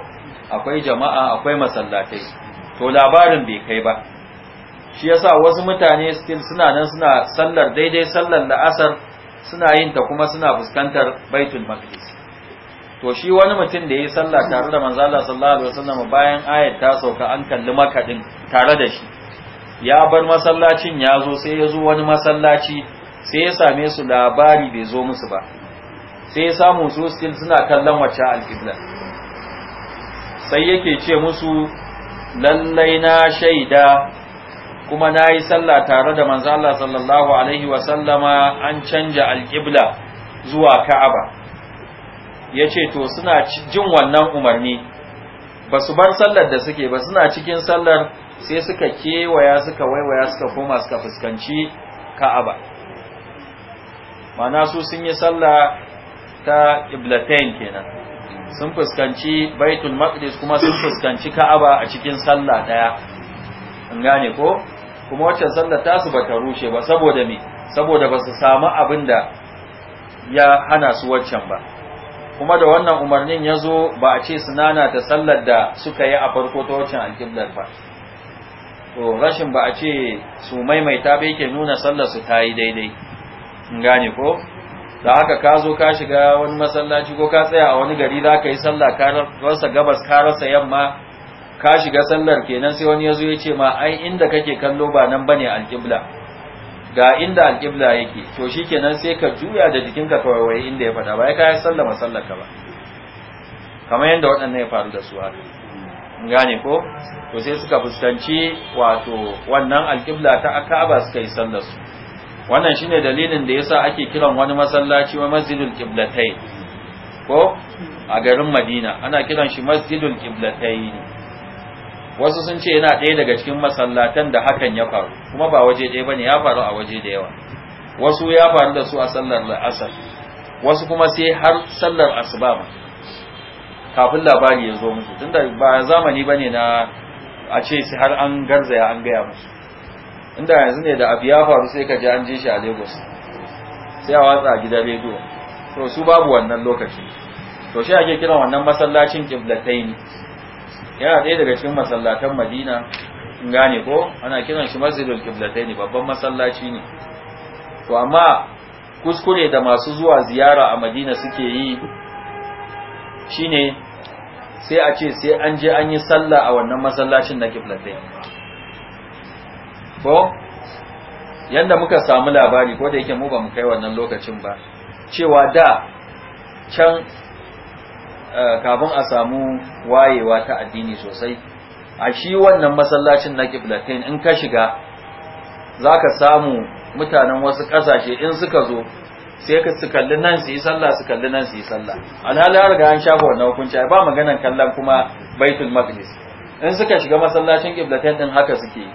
akwai jama'a akwai masallatai to labarin bai kai ba shi yasa wasu mutane still suna nan suna sallar daidai sallar la'asar suna yin ta kuma suna fuskantar Baitul Maqdis to shi wani mutum da yayi sallah tare da manzo Allah sallallahu alaihi wasallam bayan ayat ta sauka an kalli makaɗin tare da shi ya bar masallacin ya zo sai ya zo wani masallaci sai ya same su labari bai zo musu ba sai ya samu su still suna kallon wacce alƙibla sai yake ce musu lallai na shaida kuma na yi sallah tare da manzo sallallahu alaihi wa sallama an canja alƙibla zuwa Ka'aba yace to suna jin wannan umarni ba su bar sallar da suke ba suna cikin sallar sai suka kewaya suka waiwaya suka koma suka fuskanci Ka'aba mana su sun yi sallah ta iblatain kenan sun fuskanci baitul maqdis kuma sun fuskanci ka'aba a cikin sallah daya an gane ko kuma wacce sallah ta su bata rushe ba saboda me saboda ba su samu abinda ya hana su waccan ba kuma da wannan umarnin ya zo ba a ce sunana ta sallar da suka yi a farko ta waccan alƙiblar ba to rashin ba a ce su maimaita ba yake nuna sallar su ta yi daidai gane ko da haka ka zo ka shiga wani masallaci ko ka tsaya a wani gari za ka yi sallah ka rasa gabas ka rasa yamma ka shiga sallar kenan sai wani ya zo ya ce ma ai inda kake kallo ba nan bane alƙibla ga inda alƙibla yake to shikenan sai ka juya da jikinka ka waye inda ya faɗa ba ya ka sallah masallar ka ba kamar yadda waɗannan ya faru da su haka gane ko to sai suka fuskanci wato wannan alƙibla ta ba suka yi sallar su wannan shine dalilin da yasa ake kiran wani masallaci wa masjidul qiblatai ko a garin Madina ana kiran shi masjidul qiblatai wasu sun ce yana ɗaya daga cikin masallatan da hakan ya faru kuma ba waje ɗaya bane ya faru a waje da yawa wasu ya faru da su a sallar asar wasu kuma sai har sallar asuba kafin labari ya zo musu tunda ba zamani bane na a ce sai har an garzaya an gaya musu inda yanzu ne da abu ya faru sai ka ji an je shi a lagos sai a watsa a gidan rediyo to su babu wannan lokaci to shi ake kiran wannan masallacin kiblatain yana ɗaya daga cikin masallatan madina in gane ko ana kiran shi masjidul kiblatain babban masallaci ne to amma kuskure da masu zuwa ziyara a madina suke yi shine sai a ce sai an je an yi sallah a wannan masallacin na kiblatain ko yanda muka samu labari ko da yake mu ba mu kai wannan lokacin ba cewa da can eh, kafin a samu wayewa ta addini sosai a shi wannan masallacin na kiblatain in ka shiga za ka samu mutanen wasu ƙasashe in suka zo sai ka su kalli nan su yi sallah su kalli nan su yi sallah alhali har ga an shafa wannan hukunci ba maganan kallon kuma baitul maqdis in suka shiga masallacin kiblatain din haka suke yi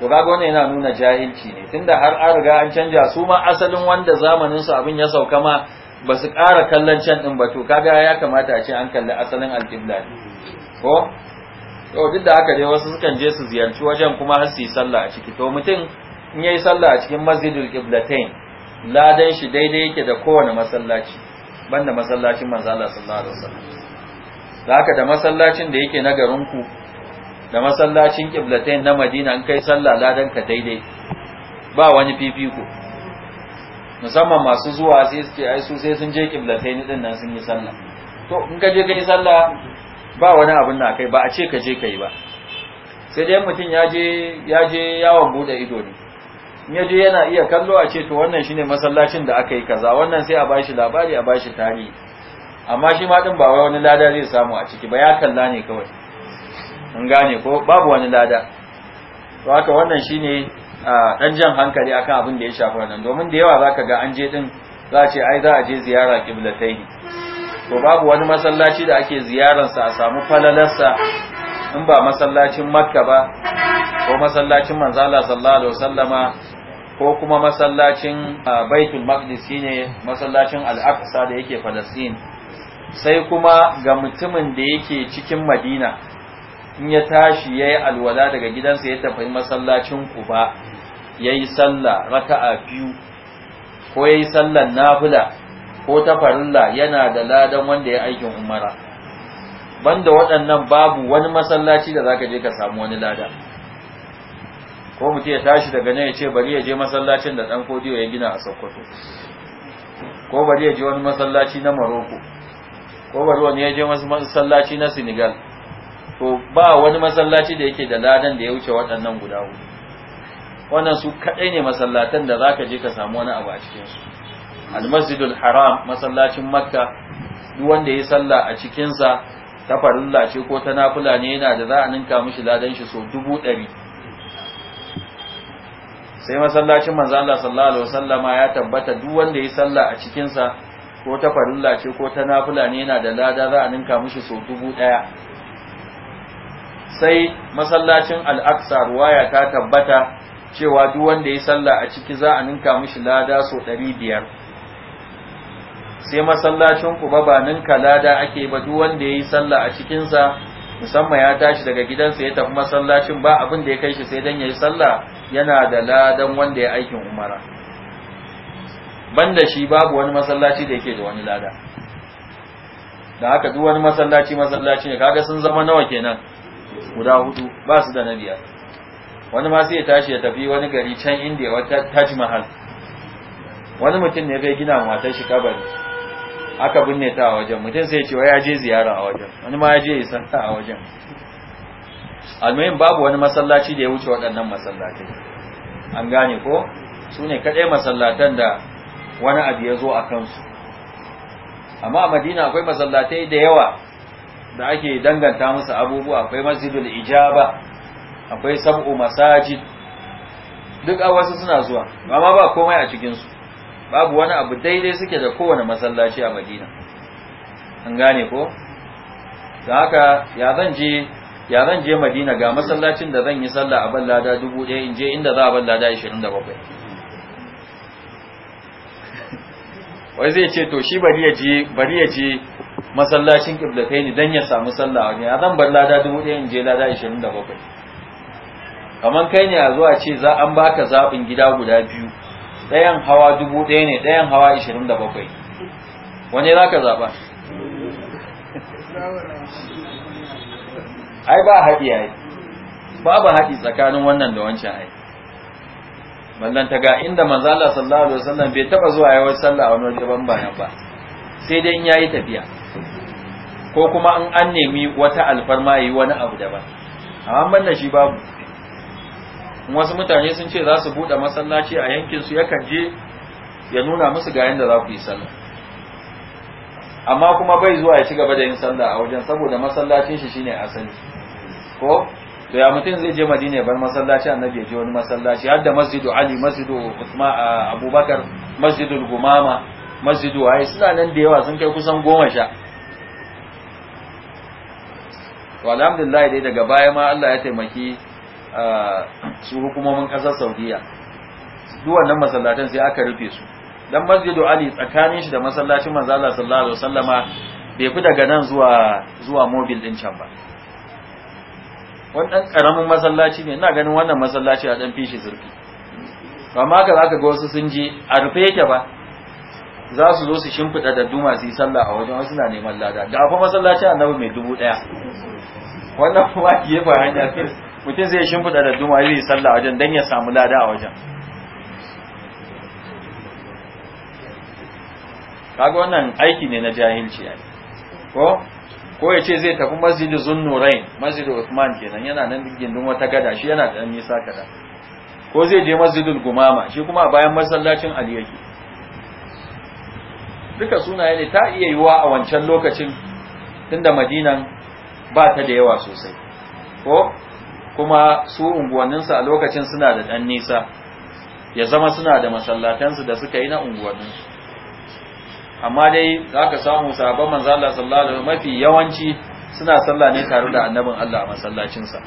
to kaga wannan yana nuna jahilci ne tunda har an riga an canja su ma asalin wanda zamanin su abin ya sauka ma ba su ƙara kallon can din ba to kaga ya kamata a ce an kalli asalin alƙibla ko to duk da haka dai wasu sukan je su ziyarci wajen kuma har su yi sallah a ciki to mutum in yayi sallah a cikin masjidul qiblatain ladan shi daidai yake da kowane masallaci banda masallacin manzo Allah sallallahu alaihi wasallam da haka da masallacin da yake na garin ku da masallacin kiblatain na madina an kai sallah ladan ka daidai ba wani fifiko musamman masu zuwa sai su ce ai su sai sun je kiblatain din nan sun yi sallah to in ka je ka yi sallah ba wani abin da kai ba a ce ka je ka ba sai dai mutum ya je ya je yawon bude ido ne in ya je yana iya kallo a ce to wannan shine masallacin da aka yi kaza wannan sai a bashi labari a bashi tarihi amma shi ma din ba wai wani lada zai samu a ciki ba ya kalla ne kawai in gane ko babu wani lada to haka wannan shine dan jan hankali akan abin da ya shafa wannan domin da yawa zaka ga an je din za a ce ai za a je ziyara qiblatai to babu wani masallaci da ake ziyararsa a samu falalarsa in ba masallacin makka ba ko masallacin manzala sallallahu alaihi wasallama ko kuma masallacin baitul maqdis shine masallacin al-aqsa da yake falastin sai kuma ga mutumin da yake cikin madina in ya tashi ya yi alwala daga gidansa ya tafi masallacin kuba ya yi sallah raka'a biyu ko ya yi sallar nafila ko ta yana da ladan wanda ya aikin umara banda waɗannan babu wani masallaci da za ka je ka samu wani lada ko mutu ya tashi daga nan ya ce bari ya je masallacin da ɗan kodiyo ya gina a sokoto ko bari ya je wani masallaci na maroko ko bari wani ya je masallaci na senegal to ba wani masallaci da yake da ladan da ya wuce waɗannan guda hudu wannan su kaɗai ne masallatan da zaka je ka samu wani abu a cikinsu almasjidul haram masallacin makka duk wanda ya sallah a cikinsa ta farilla ce ko ta nafila ne yana da za a ninka mishi ladan shi so dubu ɗari sai masallacin manzo Allah sallallahu alaihi wasallama ya tabbata duk wanda ya sallah a cikinsa ko ta farilla ce ko ta nafila ne yana da lada za a ninka mishi so dubu ɗaya sai masallacin al'aksa aqsa ruwaya ta tabbata cewa duk wanda ya sallah a ciki za a ninka mishi lada so 500 sai masallacin kuba ba ninka lada ake ba duk wanda ya yi sallah a cikinsa musamman ya tashi daga gidansa ya tafi masallacin ba abin da ya kai shi sai dan ya yi sallah yana da ladan wanda ya aikin umara banda shi babu wani masallaci da yake da wani lada da haka duk wani masallaci masallaci ne kaga sun zama nawa kenan guda hudu ba su da na biyar wani ma sai ya tashi ya tafi wani gari can indiya wata taj mahal wani mutum ne bai gina matar shi kabari aka binne ta a wajen mutum sai ce wai ya je ziyara a wajen wani ma ya je ta a wajen almuhim babu wani masallaci da ya wuce waɗannan masallaci an gane ko su ne kaɗai masallatan da wani abu ya zo a kansu amma a madina akwai masallatai da yawa da ake danganta musu abubuwa akwai masjidul ijaba akwai sab'u masajid duk a wasu suna zuwa amma ba komai a cikinsu babu wani abu daidai suke da kowane masallaci a madina an gane ko da haka ya zan je ya zan je madina ga masallacin da zan yi sallah a ballada dubu ɗaya in je inda za a ballada ashirin da bakwai wai zai ce to shi bari ya je bari ya je masallacin kiblatai ne don ya samu sallah wani a zan bar lada dubu ɗaya in je lada ishirin da bakwai kamar kai ne a zuwa ce za an baka zaɓin gida guda biyu ɗayan hawa dubu ɗaya ne ɗayan hawa ishirin da bakwai wani za ka zaɓa ai ba haɗi ai babu haɗi tsakanin wannan da wancan ai ballan ta ga inda manzo Allah sallallahu alaihi wasallam bai taba zuwa yayin sallah a wani waje ban bayan ba sai dai in yayi tafiya ko kuma in an nemi wata alfarma yi wani abu daban amma wannan shi babu wasu mutane sun ce za su buɗe masallaci a yankin su yakan je ya nuna musu ga yanda za ku yi sallah amma kuma bai zuwa ya ci gaba da yin sallah a wajen saboda masallacin shi shine asali ko to ya mutum zai je madina bar masallaci annabi ya je wani masallaci har da masjidu ali masjidu usman abubakar masjidul gumama masjidu waye suna nan da yawa sun kai kusan goma sha to alhamdulillah dai daga baya ma Allah ya taimaki su hukumomin kasar Saudiya duk wannan masallatan sai aka rufe su dan masjidu Ali tsakanin shi da masallacin manzo Allah sallallahu alaihi wasallama bai fi daga nan zuwa zuwa mobil din can ba wannan karamin masallaci ne ina ganin wannan masallaci a dan fishi zurfi amma haka zaka ga wasu sun je a rufe yake ba za su zo su shimfiɗa da duma su yi sallah a wajen wasu na neman lada da fa masallacin annabi mai dubu ɗaya wannan kuma gefe hanya mutum zai shimfiɗa da duma zai yi sallah a wajen don ya samu lada a wajen kaga wannan aiki ne na jahilci ya ko ko ya ce zai tafi masjidu zunnurain masjidu Usman kenan yana nan gindin wata gada shi yana da nisa kada ko zai je masjidul gumama shi kuma a bayan masallacin Ali yake duka sunaye ne ta iya yiwa a wancan lokacin tunda madinan ba ta da yawa sosai ko kuma su unguwanninsu a lokacin suna da ɗan nisa ya zama suna da masallatansu da suka yi na unguwanninsu amma dai za ka samu sabon manzala Allah mafi yawanci suna sallah ne tare da annabin Allah a masallacinsa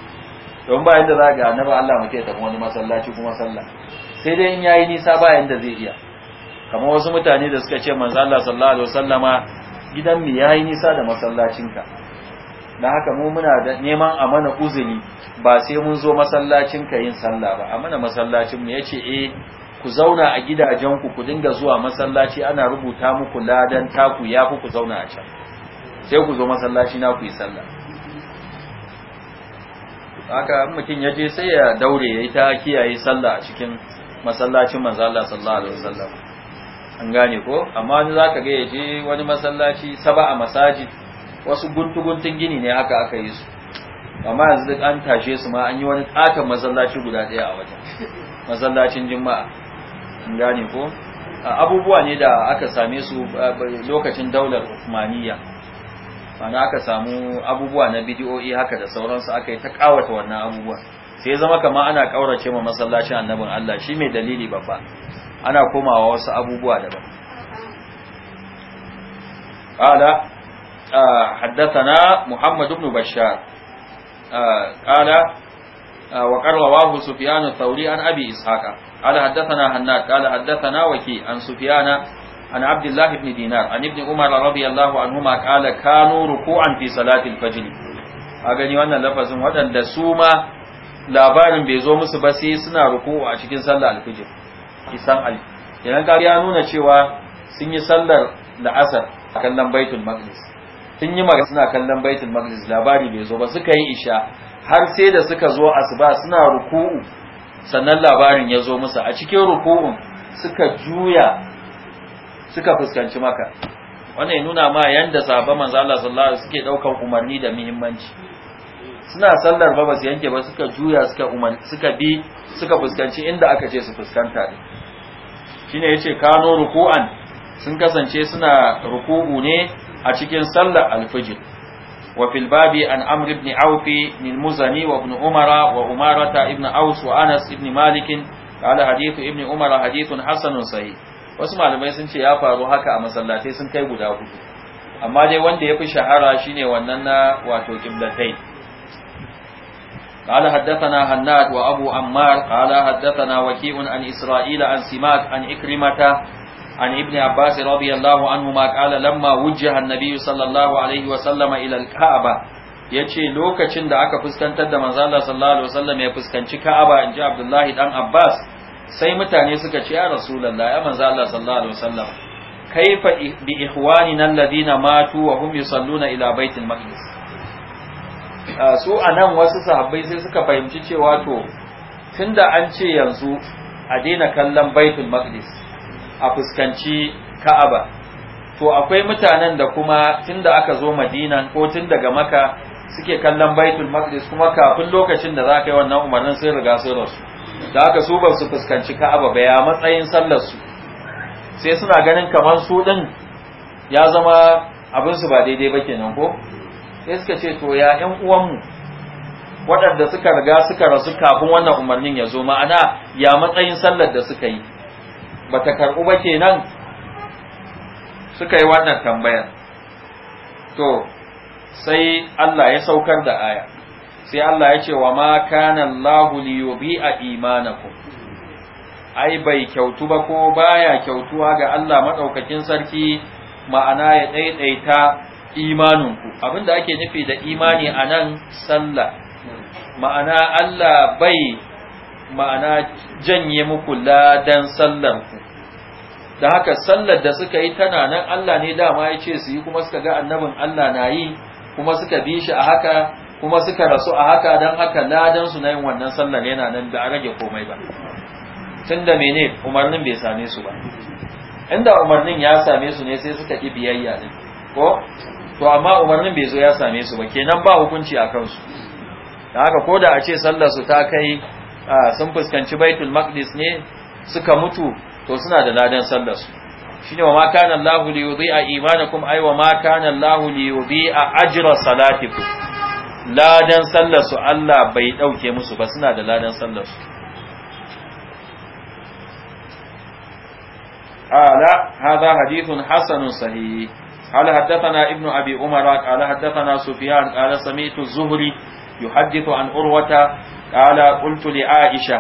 don ba yadda za ga annabin Allah mutum ta tafi wani masallaci kuma sallah sai dai in yayi nisa ba yadda zai iya kamar wasu mutane da suka ce manzo Allah sallallahu alaihi wasallama gidan mu yayi nisa da masallacinka dan haka mu muna da neman a mana uzuri ba sai mun zo masallacinka yin sallah ba a mana masallacin mu yace eh ku zauna a gidajenku ku dinga zuwa masallaci ana rubuta muku ladan taku yafi ku zauna a can sai ku zo masallaci na ku yi sallah haka mutum yaje sai ya daure ya yi ta kiyaye sallah a cikin masallacin manzo Allah sallallahu alaihi wasallam an gane ko amma wani za ka gaya je wani masallaci saba a masaji wasu guntu gini ne aka aka yi su amma yanzu duk an tashe su ma an yi wani ƙaton masallaci guda ɗaya a wajen masallacin Juma'a. an gane ko abubuwa ne da aka same su lokacin daular usmaniya mana aka samu abubuwa na bidiyoyi haka da sauransu aka yi ta kawata wannan abubuwa sai zama kama ana ƙaurace ma masallacin annabin Allah shi mai dalili babba ana komawa wasu abubuwa daban ƙala haddasana muhammadu ibn bashar ƙala wa ƙarwawa hu sufiyanu sauri an abi ishaqa ƙala haddasana hannad ƙala haddasana wake an sufiyana an abdullahi ibn dinar an ibn umar radiyallahu anhu ma ƙala kanu ruku'an fi salatil fajr a gani wannan lafazin waɗanda su ma labarin bai zo musu ba sai suna ruku'u a cikin sallah alfijir isan ali Idan kar ya nuna cewa sun yi sallar la'asar a kallon baitul maqdis sun yi magana suna kallon baitul maqdis labari bai zo ba suka yi isha har sai da suka zo asuba suna ruku'u sannan labarin ya zo musu a cikin ruku'un suka juya suka fuskanci maka wannan ya nuna ma yanda sahabban manzo Allah sallallahu alaihi suke daukan umarni da muhimmanci suna sallar ba ba su yanke ba suka juya suka umar suka bi suka fuskanci inda aka ce su fuskanta ne shine yace kano ruku'an sun kasance suna ruku'u ne a cikin sallar alfijir wa fil babi an amr ibn auf min muzani wa ibn umara wa umarata ibn aus wa anas ibn malik qala hadith ibn umara hadithun hasanun sahih wasu malamai sun ce ya faru haka a masallatai sun kai guda hudu amma dai wanda ya fi shahara shine wannan na wato kiblatai قال حدثنا هناد وأبو عمار قال حدثنا an عن إسرائيل عن سماك عن إكرمة عن ابن عباس رضي الله عنهما قال لما وجه النبي صلى الله عليه وسلم إلى الكعبة yace lokacin da aka fuskantar da manzo Allah sallallahu alaihi ya fuskanci Ka'aba in ji Abdullahi dan Abbas sai mutane suka ce ya Rasulullah ya manzo Allah sallallahu alaihi wasallam kaifa bi ikhwanina alladhina matu wa hum yusalluna ila baitil maqdis su a nan wasu sahabbai sai suka fahimci cewa to tunda an ce yanzu a daina kallon baitul maqdis a fuskanci ka'aba to akwai mutanen da kuma tunda aka zo madina ko tun daga maka suke kallon baitul maqdis kuma kafin lokacin da za ka yi wannan umarnin sai riga sun rasu da aka su ba su fuskanci ka'aba ba ya matsayin sallar su sai suna ganin kamar su din ya zama abin su ba daidai ba kenan ko sai suka ce to ya ƴan uwanmu waɗanda suka riga suka rasu kafin wannan umarnin ya zo ma'ana ya matsayin sallar da suka yi bata karɓu ba kenan suka yi wannan tambayar to sai Allah ya saukar da aya sai Allah ya ce wa ma kana Allahu li yubi'a imanakum ai bai kyautu ba ko baya kyautuwa ga Allah madaukakin sarki ma'ana ya daidaita imaninku da ake nufi da imani a nan sallah ma'ana Allah bai ma'ana janye muku ladan sallanku da haka sallar da suka yi tana nan Allah ne dama ya ce su yi kuma suka ga annabin Allah na yi kuma suka bi shi a haka kuma suka rasu a haka don haka ladan na yin wannan sallar yana nan da a rage komai ba tun da mene umarnin bai same su ba inda umarnin ya same su ne sai suka ƙi biyayya ne ko to amma umarnin bai zo ya same su ba kenan ba hukunci a kansu da haka ko da a ce sallar su ta kai sun fuskanci baitul maqdis ne suka mutu to suna da ladan sallar su shine wa ma kana Allah li yudhi'a imanakum ay wa ma kana Allah li yudhi'a ajra salatikum ladan sallar su Allah bai dauke musu ba suna da ladan sallar su ala hadha hadithun hasanun sahih قال حدثنا ابن أبي عمر قال حدثنا سفيان قال سمعت الزهري يحدث عن أروة قال قلت لعائشة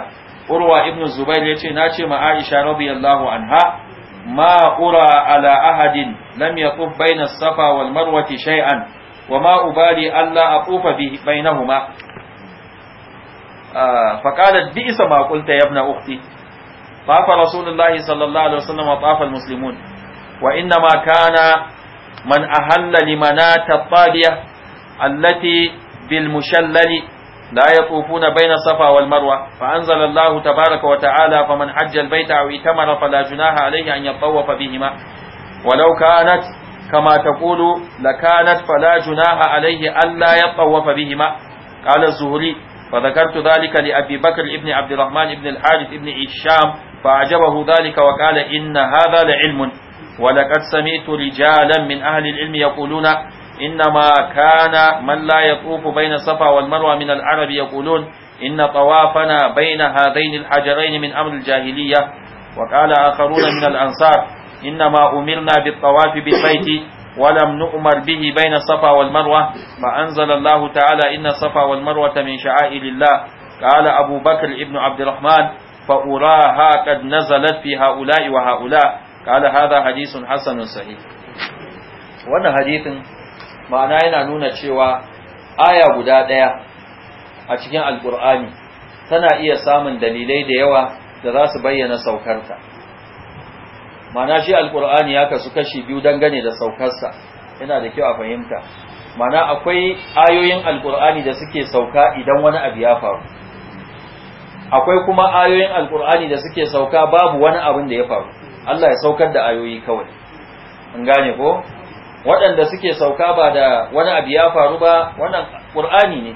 أروة ابن الزبير يتي ناتي مع عائشة رضي الله عنها ما أرى على أحد لم يطف بين الصفا والمروة شيئا وما أبالي ألا أطوف بينهما فقالت بئس ما قلت يا ابن أختي طاف رسول الله صلى الله عليه وسلم وطاف المسلمون وإنما كان man ahalla limanata tadiya allati bil mushallali la yaqufuna baina safa wal marwa fa anzala tabaraka tabaaraka wa ta'ala faman hajja al baita aw itamara fala junaha alayhi an yatawafa bihima walau kanat kama taqulu lakanat fala junaha alayhi alla yatawafa bihima qala az-zuhri فذكرت ذلك لأبي بكر ابن عبد الرحمن ابن الحارث ابن هشام فأعجبه ذلك وقال إن da لعلم ولقد سمعت رجالا من أهل العلم يقولون إنما كان من لا يطوف بين الصفا والمروة من العرب يقولون إن طوافنا بين هذين الحجرين من أمر الجاهلية وقال آخرون من الأنصار إنما أمرنا بالطواف بالبيت ولم نؤمر به بين الصفا والمروة فأنزل الله تعالى إن الصفا والمروة من شعائر الله قال أبو بكر ابن عبد الرحمن فأراها قد نزلت في هؤلاء وهؤلاء قال هذا حديث حسن صحيح wannan hadisin ma'ana yana nuna cewa aya guda daya a cikin alqur'ani tana iya samun dalilai da yawa da za su bayyana saukarta ma'ana shi alqur'ani ya kasu kashi biyu dangane da saukarsa yana da kyau a fahimta ma'ana akwai ayoyin alqur'ani da suke sauka idan wani abu ya faru akwai kuma ayoyin alqur'ani da suke sauka babu wani abin da ya faru Allah ya saukar da ayoyi kawai in gane ko waɗanda suke sauka ba da wani abu ya faru ba wannan qur'ani ne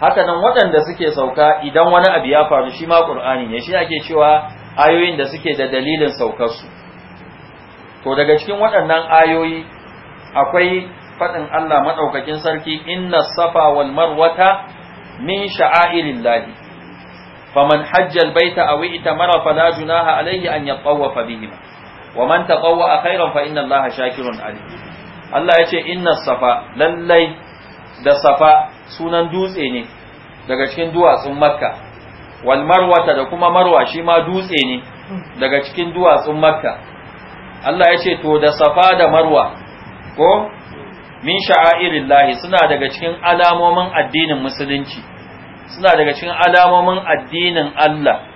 haka nan waɗanda suke sauka idan wani abu ya faru shi ma qur'ani ne shi ake cewa ayoyin da suke da dalilin saukar su to daga cikin waɗannan ayoyi akwai faɗin Allah maɗaukakin sarki inna safa wal marwata min sha'airillahi faman hajjal baita aw fa fala junaha alaihi an yatawafa bihima wa man tatawwa khairan fa inna allaha shakirun alim Allah yace inna safa lallai da safa sunan dutse ne daga cikin duwatsun makka wal marwata da kuma marwa shi ma dutse ne daga cikin duwatsun makka Allah yace to da safa da marwa ko min sha'airillahi suna daga cikin alamomin addinin musulunci suna daga cikin alamomin addinin Allah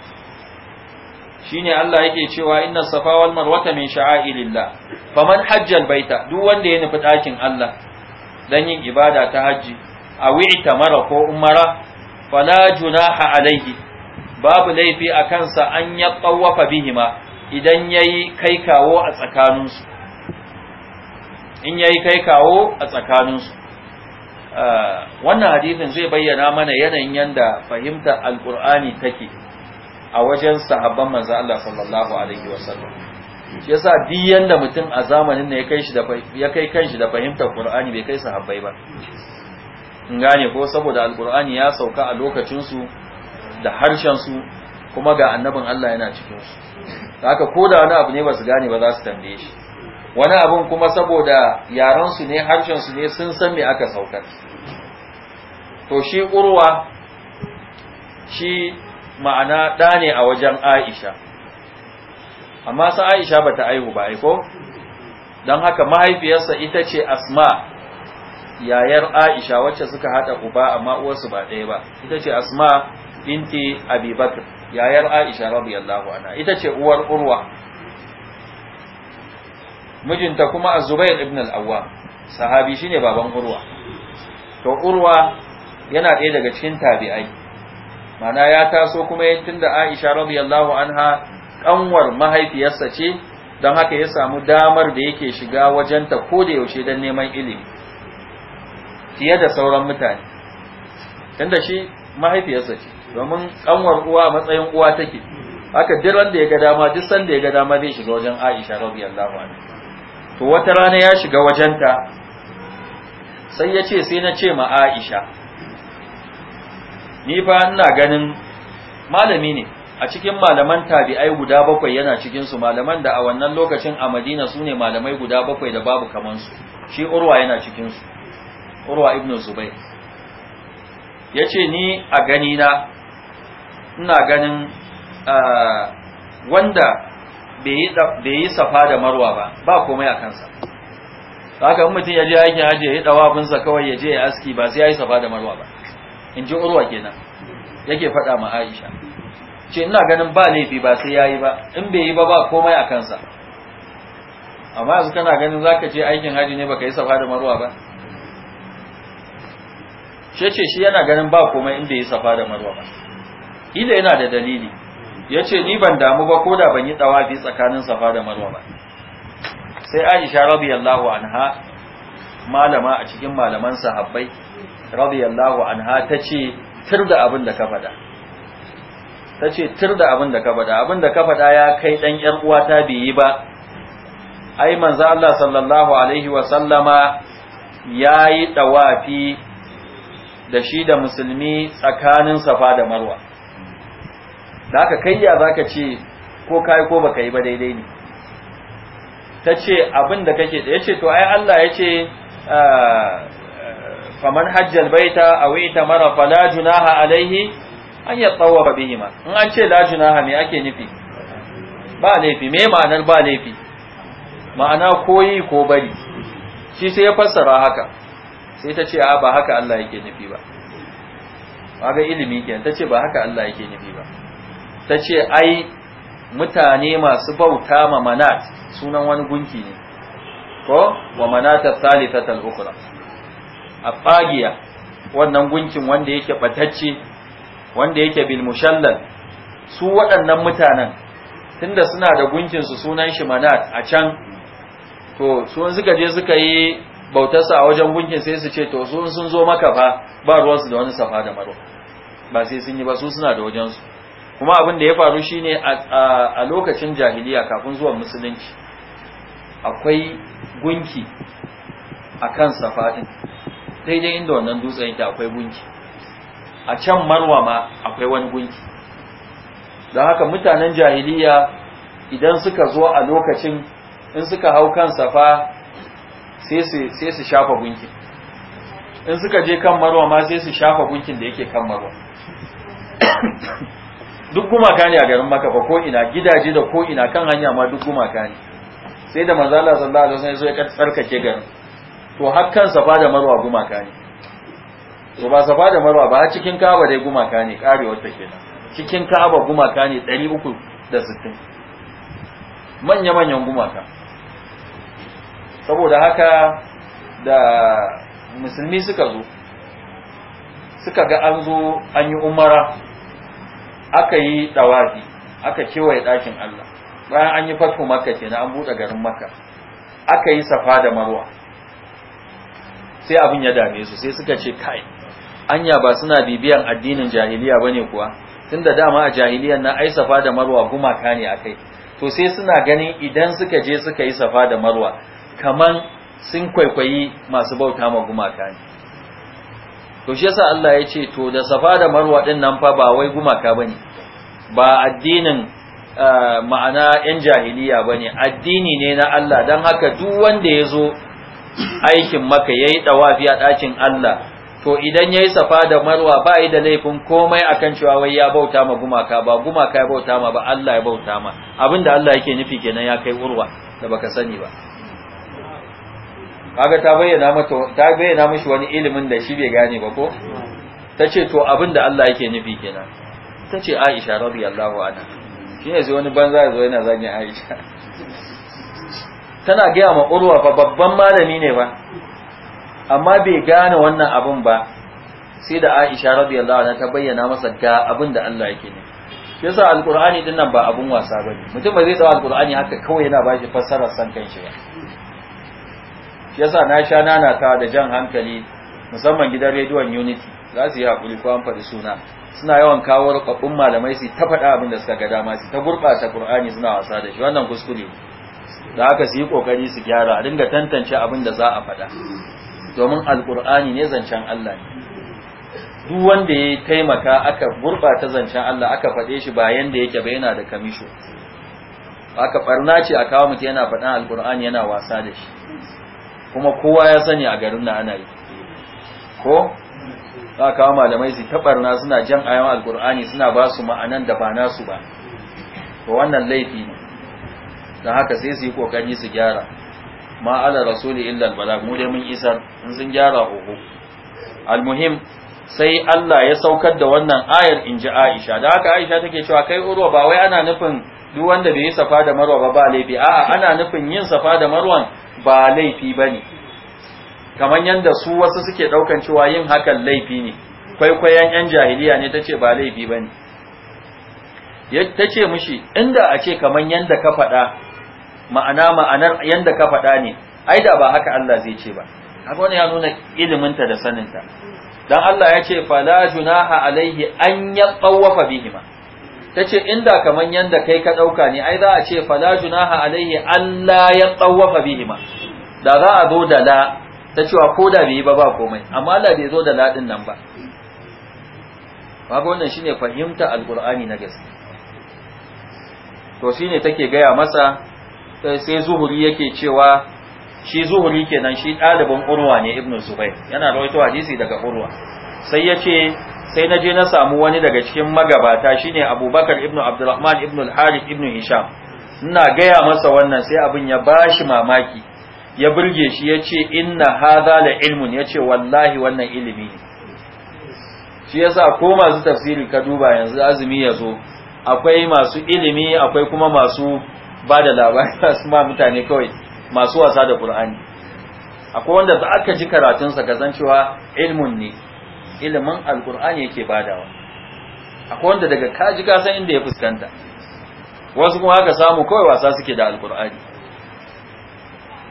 shine Allah yake cewa inna safa wal marwata min sha'airillah faman al baita duk wanda ya nufi ɗakin Allah dan yin ibada ta haji a wi'ta mara ko umara fala junaha alaihi babu laifi a kansa an ya bihi bihima idan yayi kai kawo a tsakaninsu in yayi kai kawo a tsakaninsu Eh, wannan hadisin zai bayyana mana yanayin yanda fahimtar alkur'ani take a wajen sahabban manzo Allah sallallahu alaihi wasallam shi yasa duk yanda mutum a zamanin ne ya kai shi da kai kanshi da fahimtar Qur'ani bai kai sahabbai ba in gane ko saboda alkur'ani ya sauka a lokacin su da harshen su kuma ga annabin Allah yana cikin su haka ko da wani abu ne ba su gane ba za su tambaye shi wani abun kuma saboda yarensu ne su ne sun san me aka saukar to shi urwa shi ma'ana ɗa ne a wajen aisha amma sa aisha ba ta aihu ba aiko don haka mahaifiyarsa ita ce asma yayar aisha wacce suka haɗa uba amma uwarsu ba ɗaya ba ita ce asma binti abubakar yayar aisha radiyallahu anha ita ce uwar urwa mijinta kuma a zubair ibn al-awwam sahabi shine baban urwa to urwa yana ɗaya daga cikin tabi'ai mana ya taso kuma tunda aisha radiyallahu anha kanwar mahaifiyarsa ce don haka ya samu damar da yake shiga wajenta ko da yaushe don neman ilimi fiye da sauran mutane tunda shi mahaifiyarsa ce domin kanwar uwa matsayin uwa take haka duk da ya ga dama duk sanda ya ga dama zai shiga wajen Aisha radiyallahu anha to wata rana ya shiga wajenta sai ya ce sai na ce ma Aisha ni fa ina ganin malami ne a cikin malaman tabi'ai guda bakwai yana cikin malaman da a wannan lokacin a Madina sune malamai guda bakwai da babu kaman su shi Urwa yana cikin Urwa ibn Zubair yace ni a gani na ina ganin ah, wanda bai yi safa da marwa ba ba komai a kansa haka in mutum ya je aikin hajji ya yi ɗawafinsa kawai ya je ya aski ba sai ya yi safa da marwa ba in ji urwa kenan yake faɗa ma aisha ce ina ganin ba laifi ba sai ya yi ba in bai yi ba ba komai a kansa amma yanzu kana ganin za ka je aikin hajji ne baka yi safa da marwa ba shi ce shi yana ganin ba komai in bai yi safa da marwa ba ila yana da dalili ya ce ni ban damu ba ko da ban yi tsawafi tsakanin safa da marwa ba sai aisha radiyallahu anha malama a cikin malaman sahabbai radiyallahu anha ta ce tur da abin da ka fada ta ce tur da abin da ka faɗa abin da ka fada ya kai ɗan ƴar uwata bai yi ba ai manzo Allah sallallahu alaihi wa sallama yayi tsawafi da shi da musulmi tsakanin safa da marwa da aka kai ya zaka ce ko kai ko baka yi ba daidai ne ta ce abin da kake da ya ce to ai Allah ya ce ah, faman hajjal baita aw mara fala junaha alaihi an yatawwa bihima in an ce la junaha me ake nufi ba laifi me ma'anar ba laifi ma'ana koyi ko bari shi sai ya fassara haka sai ta ce a ah, ba haka Allah yake nufi ba ga ilimi kenan ta ce ba haka Allah yake nufi ba ta ce ai mutane masu bauta ma manat sunan wani gunki ne ko wa manata salifatal ukhra a fagiya wannan gunkin wanda yake batacce wanda yake bil mushallal su waɗannan mutanen tunda suna da gunkin su sunan shi manat a can to su suka je suka yi bautarsa a wajen gunkin sai su ce to su sun zo maka fa ba ruwansu da wani safa da maro ba sai sun yi ba su suna da wajensu kuma abin da ya faru shine a lokacin jahiliya kafin zuwan musulunci akwai gunki a kan safaɗin daidai inda wannan dutsen yake akwai gunki a can marwa ma akwai wani gunki don haka mutanen jahiliya idan suka zo a lokacin in suka hau kan safa sai su shafa gunki in suka je kan marwa ma sai su shafa gunkin da yake kan marwa duk gumaka ne a garin maka fa ko ina gidaje da ko ina kan hanya ma duk gumaka ne sai da manzo Allah sallallahu alaihi wasallam ya zo tsarkake garin to har kan safa da marwa gumaka ne to ba safa da marwa ba cikin kaaba dai gumaka ne karewar ta kenan cikin kaaba gumaka ne 360 manya manyan gumaka saboda haka da musulmi suka zo suka ga an zo an yi umara aka yi tsawazi aka kewaye ɗakin Allah bayan an yi fatu maka kenan an buɗe garin maka aka yi safa da marwa sai abin ya dame su sai suka ce kai anya ba suna bibiyan addinin jahiliya bane kuwa tunda dama a jahiliyan na ai safa da marwa gumaka ne akai to sai suna ganin idan suka je suka yi safa da marwa kaman sun kwaikwayi masu bauta ma gumaka ne to shi yasa Allah ya ce to da safa da marwa din nan fa ba wai gumaka bane ba addinin eh, ma'ana yan jahiliya bane addini ne na Allah dan haka duk wanda ya zo aikin maka yayi dawafi a ɗakin Allah to idan yayi safa da marwa ba yi da laifin komai akan cewa wai ya bauta ma gumaka ba gumaka ya bauta ma ba Allah ya bauta ma abinda Allah yake nufi kenan ya kai urwa da baka sani ba kaga ta bayyana mata ta bayyana mishi wani ilimin da shi bai gane ba ko tace to abin da Allah yake nufi kenan tace Aisha radiyallahu anha shine sai wani banza ya zo yana zagi Aisha tana gaya ma Urwa fa babban malami ne ba amma bai gane wannan abin ba sai da Aisha radiyallahu anha ta bayyana masa ga abin da Allah yake nufi yasa alqur'ani din nan ba abun wasa bane mutum ba zai tsawa alqur'ani haka kawai yana bashi fassarar san kanshi ba shi yasa na sha nanata da jan hankali musamman gidan rediyon unity za su yi haƙuri ko an faɗi suna suna yawan kawo rubabbun malamai su ta faɗa abin da suka ga dama su ta gurɓata qur'ani suna wasa da shi wannan kuskure da aka su yi kokari su gyara a dinga tantance abin da za a faɗa domin alqur'ani ne zancen Allah ne duk wanda ya taimaka aka gurɓata zancen Allah aka faɗe shi ba yanda yake ba yana da kamisho aka barna ce a kawo mutum yana faɗan alqur'ani yana wasa da shi kuma kowa ya sani a garin na ana yi ko za kawo malamai su taɓarna suna jan ayan alkur'ani suna ba su ma'anan da ba nasu ba to wannan laifi ne don haka sai su yi ƙoƙari su gyara ma ala rasuli illa albala mu dai mun isar in sun gyara hoho almuhim sai Allah ya saukar da wannan ayar inji Aisha da haka Aisha take cewa kai urwa ba wai ana nufin duk wanda bai yi safa da marwa ba ba laifi a'a ana nufin yin safa da marwan ba laifi bane kamar yanda su wasu suke daukan cewa yin hakan laifi ne kwaikwayon yan jahiliya ne tace ba laifi bane tace mishi inda a ce kamar yanda ka faɗa ma'ana ma'anar yanda ka faɗa ne ai da ba haka Allah zai ce ba haka wani ya nuna iliminta da saninta dan Allah ya ce fala junaha alaihi an yatawafa bihima ta ce inda kaman yanda kai ka ɗauka ne ai za a ce fala junaha alaihi Allah ya tsawafa bihima da za a zo da la ta cewa ko da bai yi ba ba komai amma Allah bai zo da la din nan ba babu wannan shine fahimta alqur'ani na gaske to shine take gaya masa sai zuhuri yake cewa shi zuhuri kenan shi ɗalibin urwa ne ibnu zubair yana rawaito hadisi daga urwa sai ya ce sai na je na samu wani daga cikin magabata shine abubakar ibn abdurrahman ibn al-harith ibn hisham ina gaya masa wannan sai abin ya bashi mamaki ya burge shi ya ce inna hadha la ilmun ya ce wallahi wannan ilimi ne shi yasa ko masu tafsiri ka duba yanzu azumi ya zo akwai masu ilimi akwai kuma masu ba da labari masu ma mutane kawai masu wasa da qur'ani akwai wanda za ka ji karatunsa ka san cewa ilmun ne ilimin alkur'ani yake badawa akwai wanda daga kaji ka san inda ya fuskanta wasu kuma haka samu kawai wasa suke da alkur'ani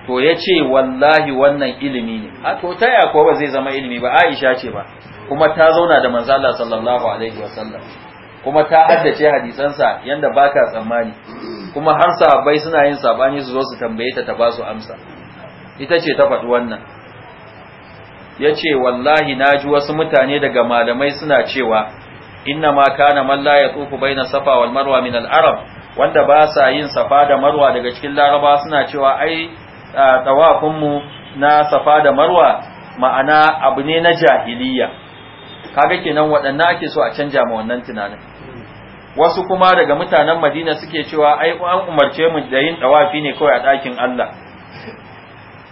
to ya ce wallahi wannan ilimi ne a to ta ya ba zai zama ilimi ba aisha ce ba kuma ta zauna da manzala sallallahu alaihi wasallam kuma ta haddace hadisansa yanda baka tsammani kuma har sahabbai suna yin sabani su zo su tambaye ta ta ba su amsa ita ce ta faɗi wannan ya ce wallahi na ji wasu mutane daga malamai suna cewa inna ma kana man la yatufu baina safa wal marwa min al arab wanda ba sa yin safa da marwa daga cikin laraba suna cewa ai tawafin mu na safa da marwa ma'ana abu ne na jahiliya kaga kenan waɗannan ake so a canja ma wannan tunanin wasu kuma daga mutanen Madina suke cewa ai an umarce mu da yin tawafi ne kawai a ɗakin Allah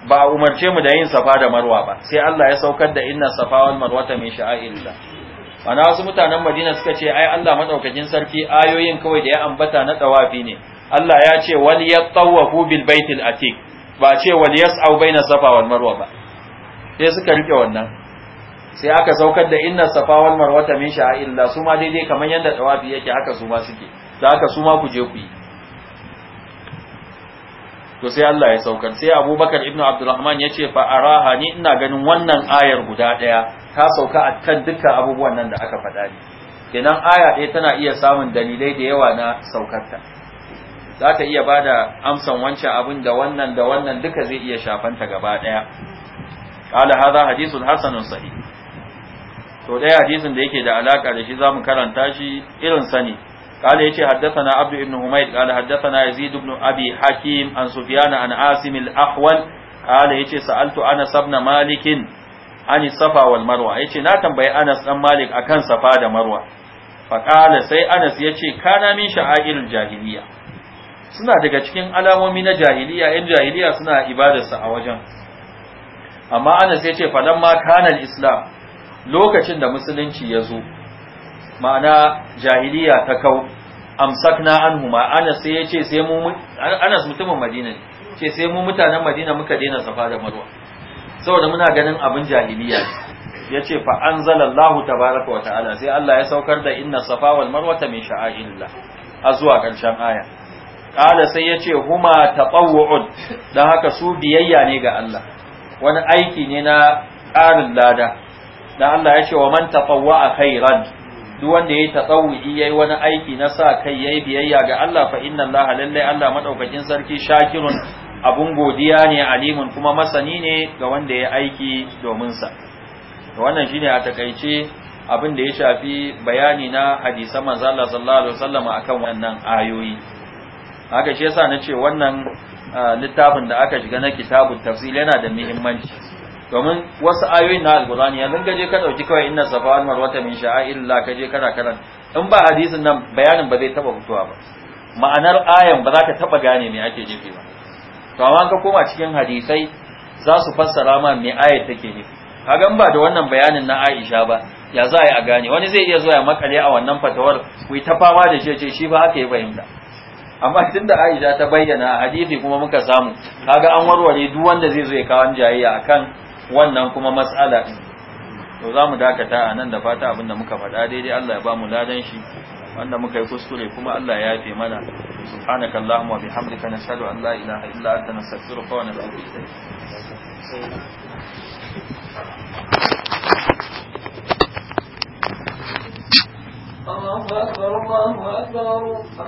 ba a umarce mu da yin safa da marwa ba sai Allah ya saukar da inna safa wal marwata min sha'a'illa ana wasu mutanen Madina suka ce ai Allah madaukakin sarki ayoyin kawai da ya ambata na tawafi ne Allah ya ce wal yatawafu bil baitil atiq ba ce wal yas'au baina safa wal marwa ba sai suka rike wannan sai aka saukar da inna safa wal marwata min sha'a'illa su ma daidai kamar yadda tawafi yake haka su ma suke da haka su ma ku je ku yi to sai Allah ya saukar sai abubakar ibnu Abdulrahman ya ce fa ni ina ganin wannan ayar guda ɗaya ta sauka a kan dukkan abubuwan nan da aka faɗa ni kenan aya ɗaya tana iya samun dalilai da yawa na saukarta za ta iya bada amsan wancan abin da wannan da wannan duka zai iya shafanta gaba ɗaya qala hadha hadithun hasanun sahih to ɗaya hadisin da yake da alaka da shi zamu karanta shi irin sani قال يتي حدثنا عبد بن حميد قال حدثنا يزيد بن ابي حكيم عن سفيان عن عاصم الاحول قال يتي سالت انا بن مالك عن الصفا والمروه يتي نا تنبي انا بن مالك اكن صفا ده مروه فقال سي أنس يتي كان من شعائر الجاهليه suna daga cikin alamomi na jahiliya ‘yan jahiliya suna ibadarsa a wajen amma anas ya ce falamma kanal islam lokacin da musulunci ya zo ma'ana jahiliya ta kau amsakna ma ana sai ce sai mu anas mutumin madina ne ce sai mu mutanen madina muka daina safa da marwa saboda muna ganin abin jahiliya Ya ce fa anzalallahu tabaraka wa ta'ala sai Allah ya saukar da inna safa wal marwata min sha'a'illah a zuwa karshen aya qala sai ya ce huma tatawu'un dan haka su biyayya ne ga Allah wani aiki ne na ƙarin lada dan Allah ya ce wa man tatawwa'a khairan duk wanda yayi tatawu'i yayi wani aiki na sa kai yayi biyayya ga Allah fa inna Allah lalle Allah madaukakin sarki shakirun abun godiya ne alimun kuma masani ne ga wanda yayi aiki domin sa wannan shine a takaice abin da ya shafi bayani na hadisan manzo Allah sallallahu alaihi wasallam akan wannan ayoyi haka shi yasa nace wannan ah, littafin da aka shiga na kitabun tafsir yana da muhimmanci domin wasu ayoyin na alqur'ani yanzu ka je ka dauki kawai inna safa wal marwata min la ka je kana karan in ba hadisin nan bayanin ba zai taba fitowa ba ma'anar ayan ba za ka taba gane me ake nufi ba to amma ka koma cikin hadisai za su fassara ma me ayat take nufi kaga ba da wannan bayanin na Aisha ba ya za a gane wani zai iya zuwa ya makale a wannan fatawar ku ta fama da shi ce shi ba haka ya fahimta amma tunda Aisha ta bayyana hadisi kuma muka samu kaga an warware duk wanda zai zo ya kawo jayayya akan wannan kuma mas'ala din to za mu dakata a nan da fata abinda muka faɗa daidai Allah ya ba mu ladan shi wanda muka yi kuskure kuma Allah ya yafe mana subhanaka allahumma wa bihamdika nashhadu an la ilaha illa anta nastaghfiruka wa natubu ilayk الله أكبر الله أكبر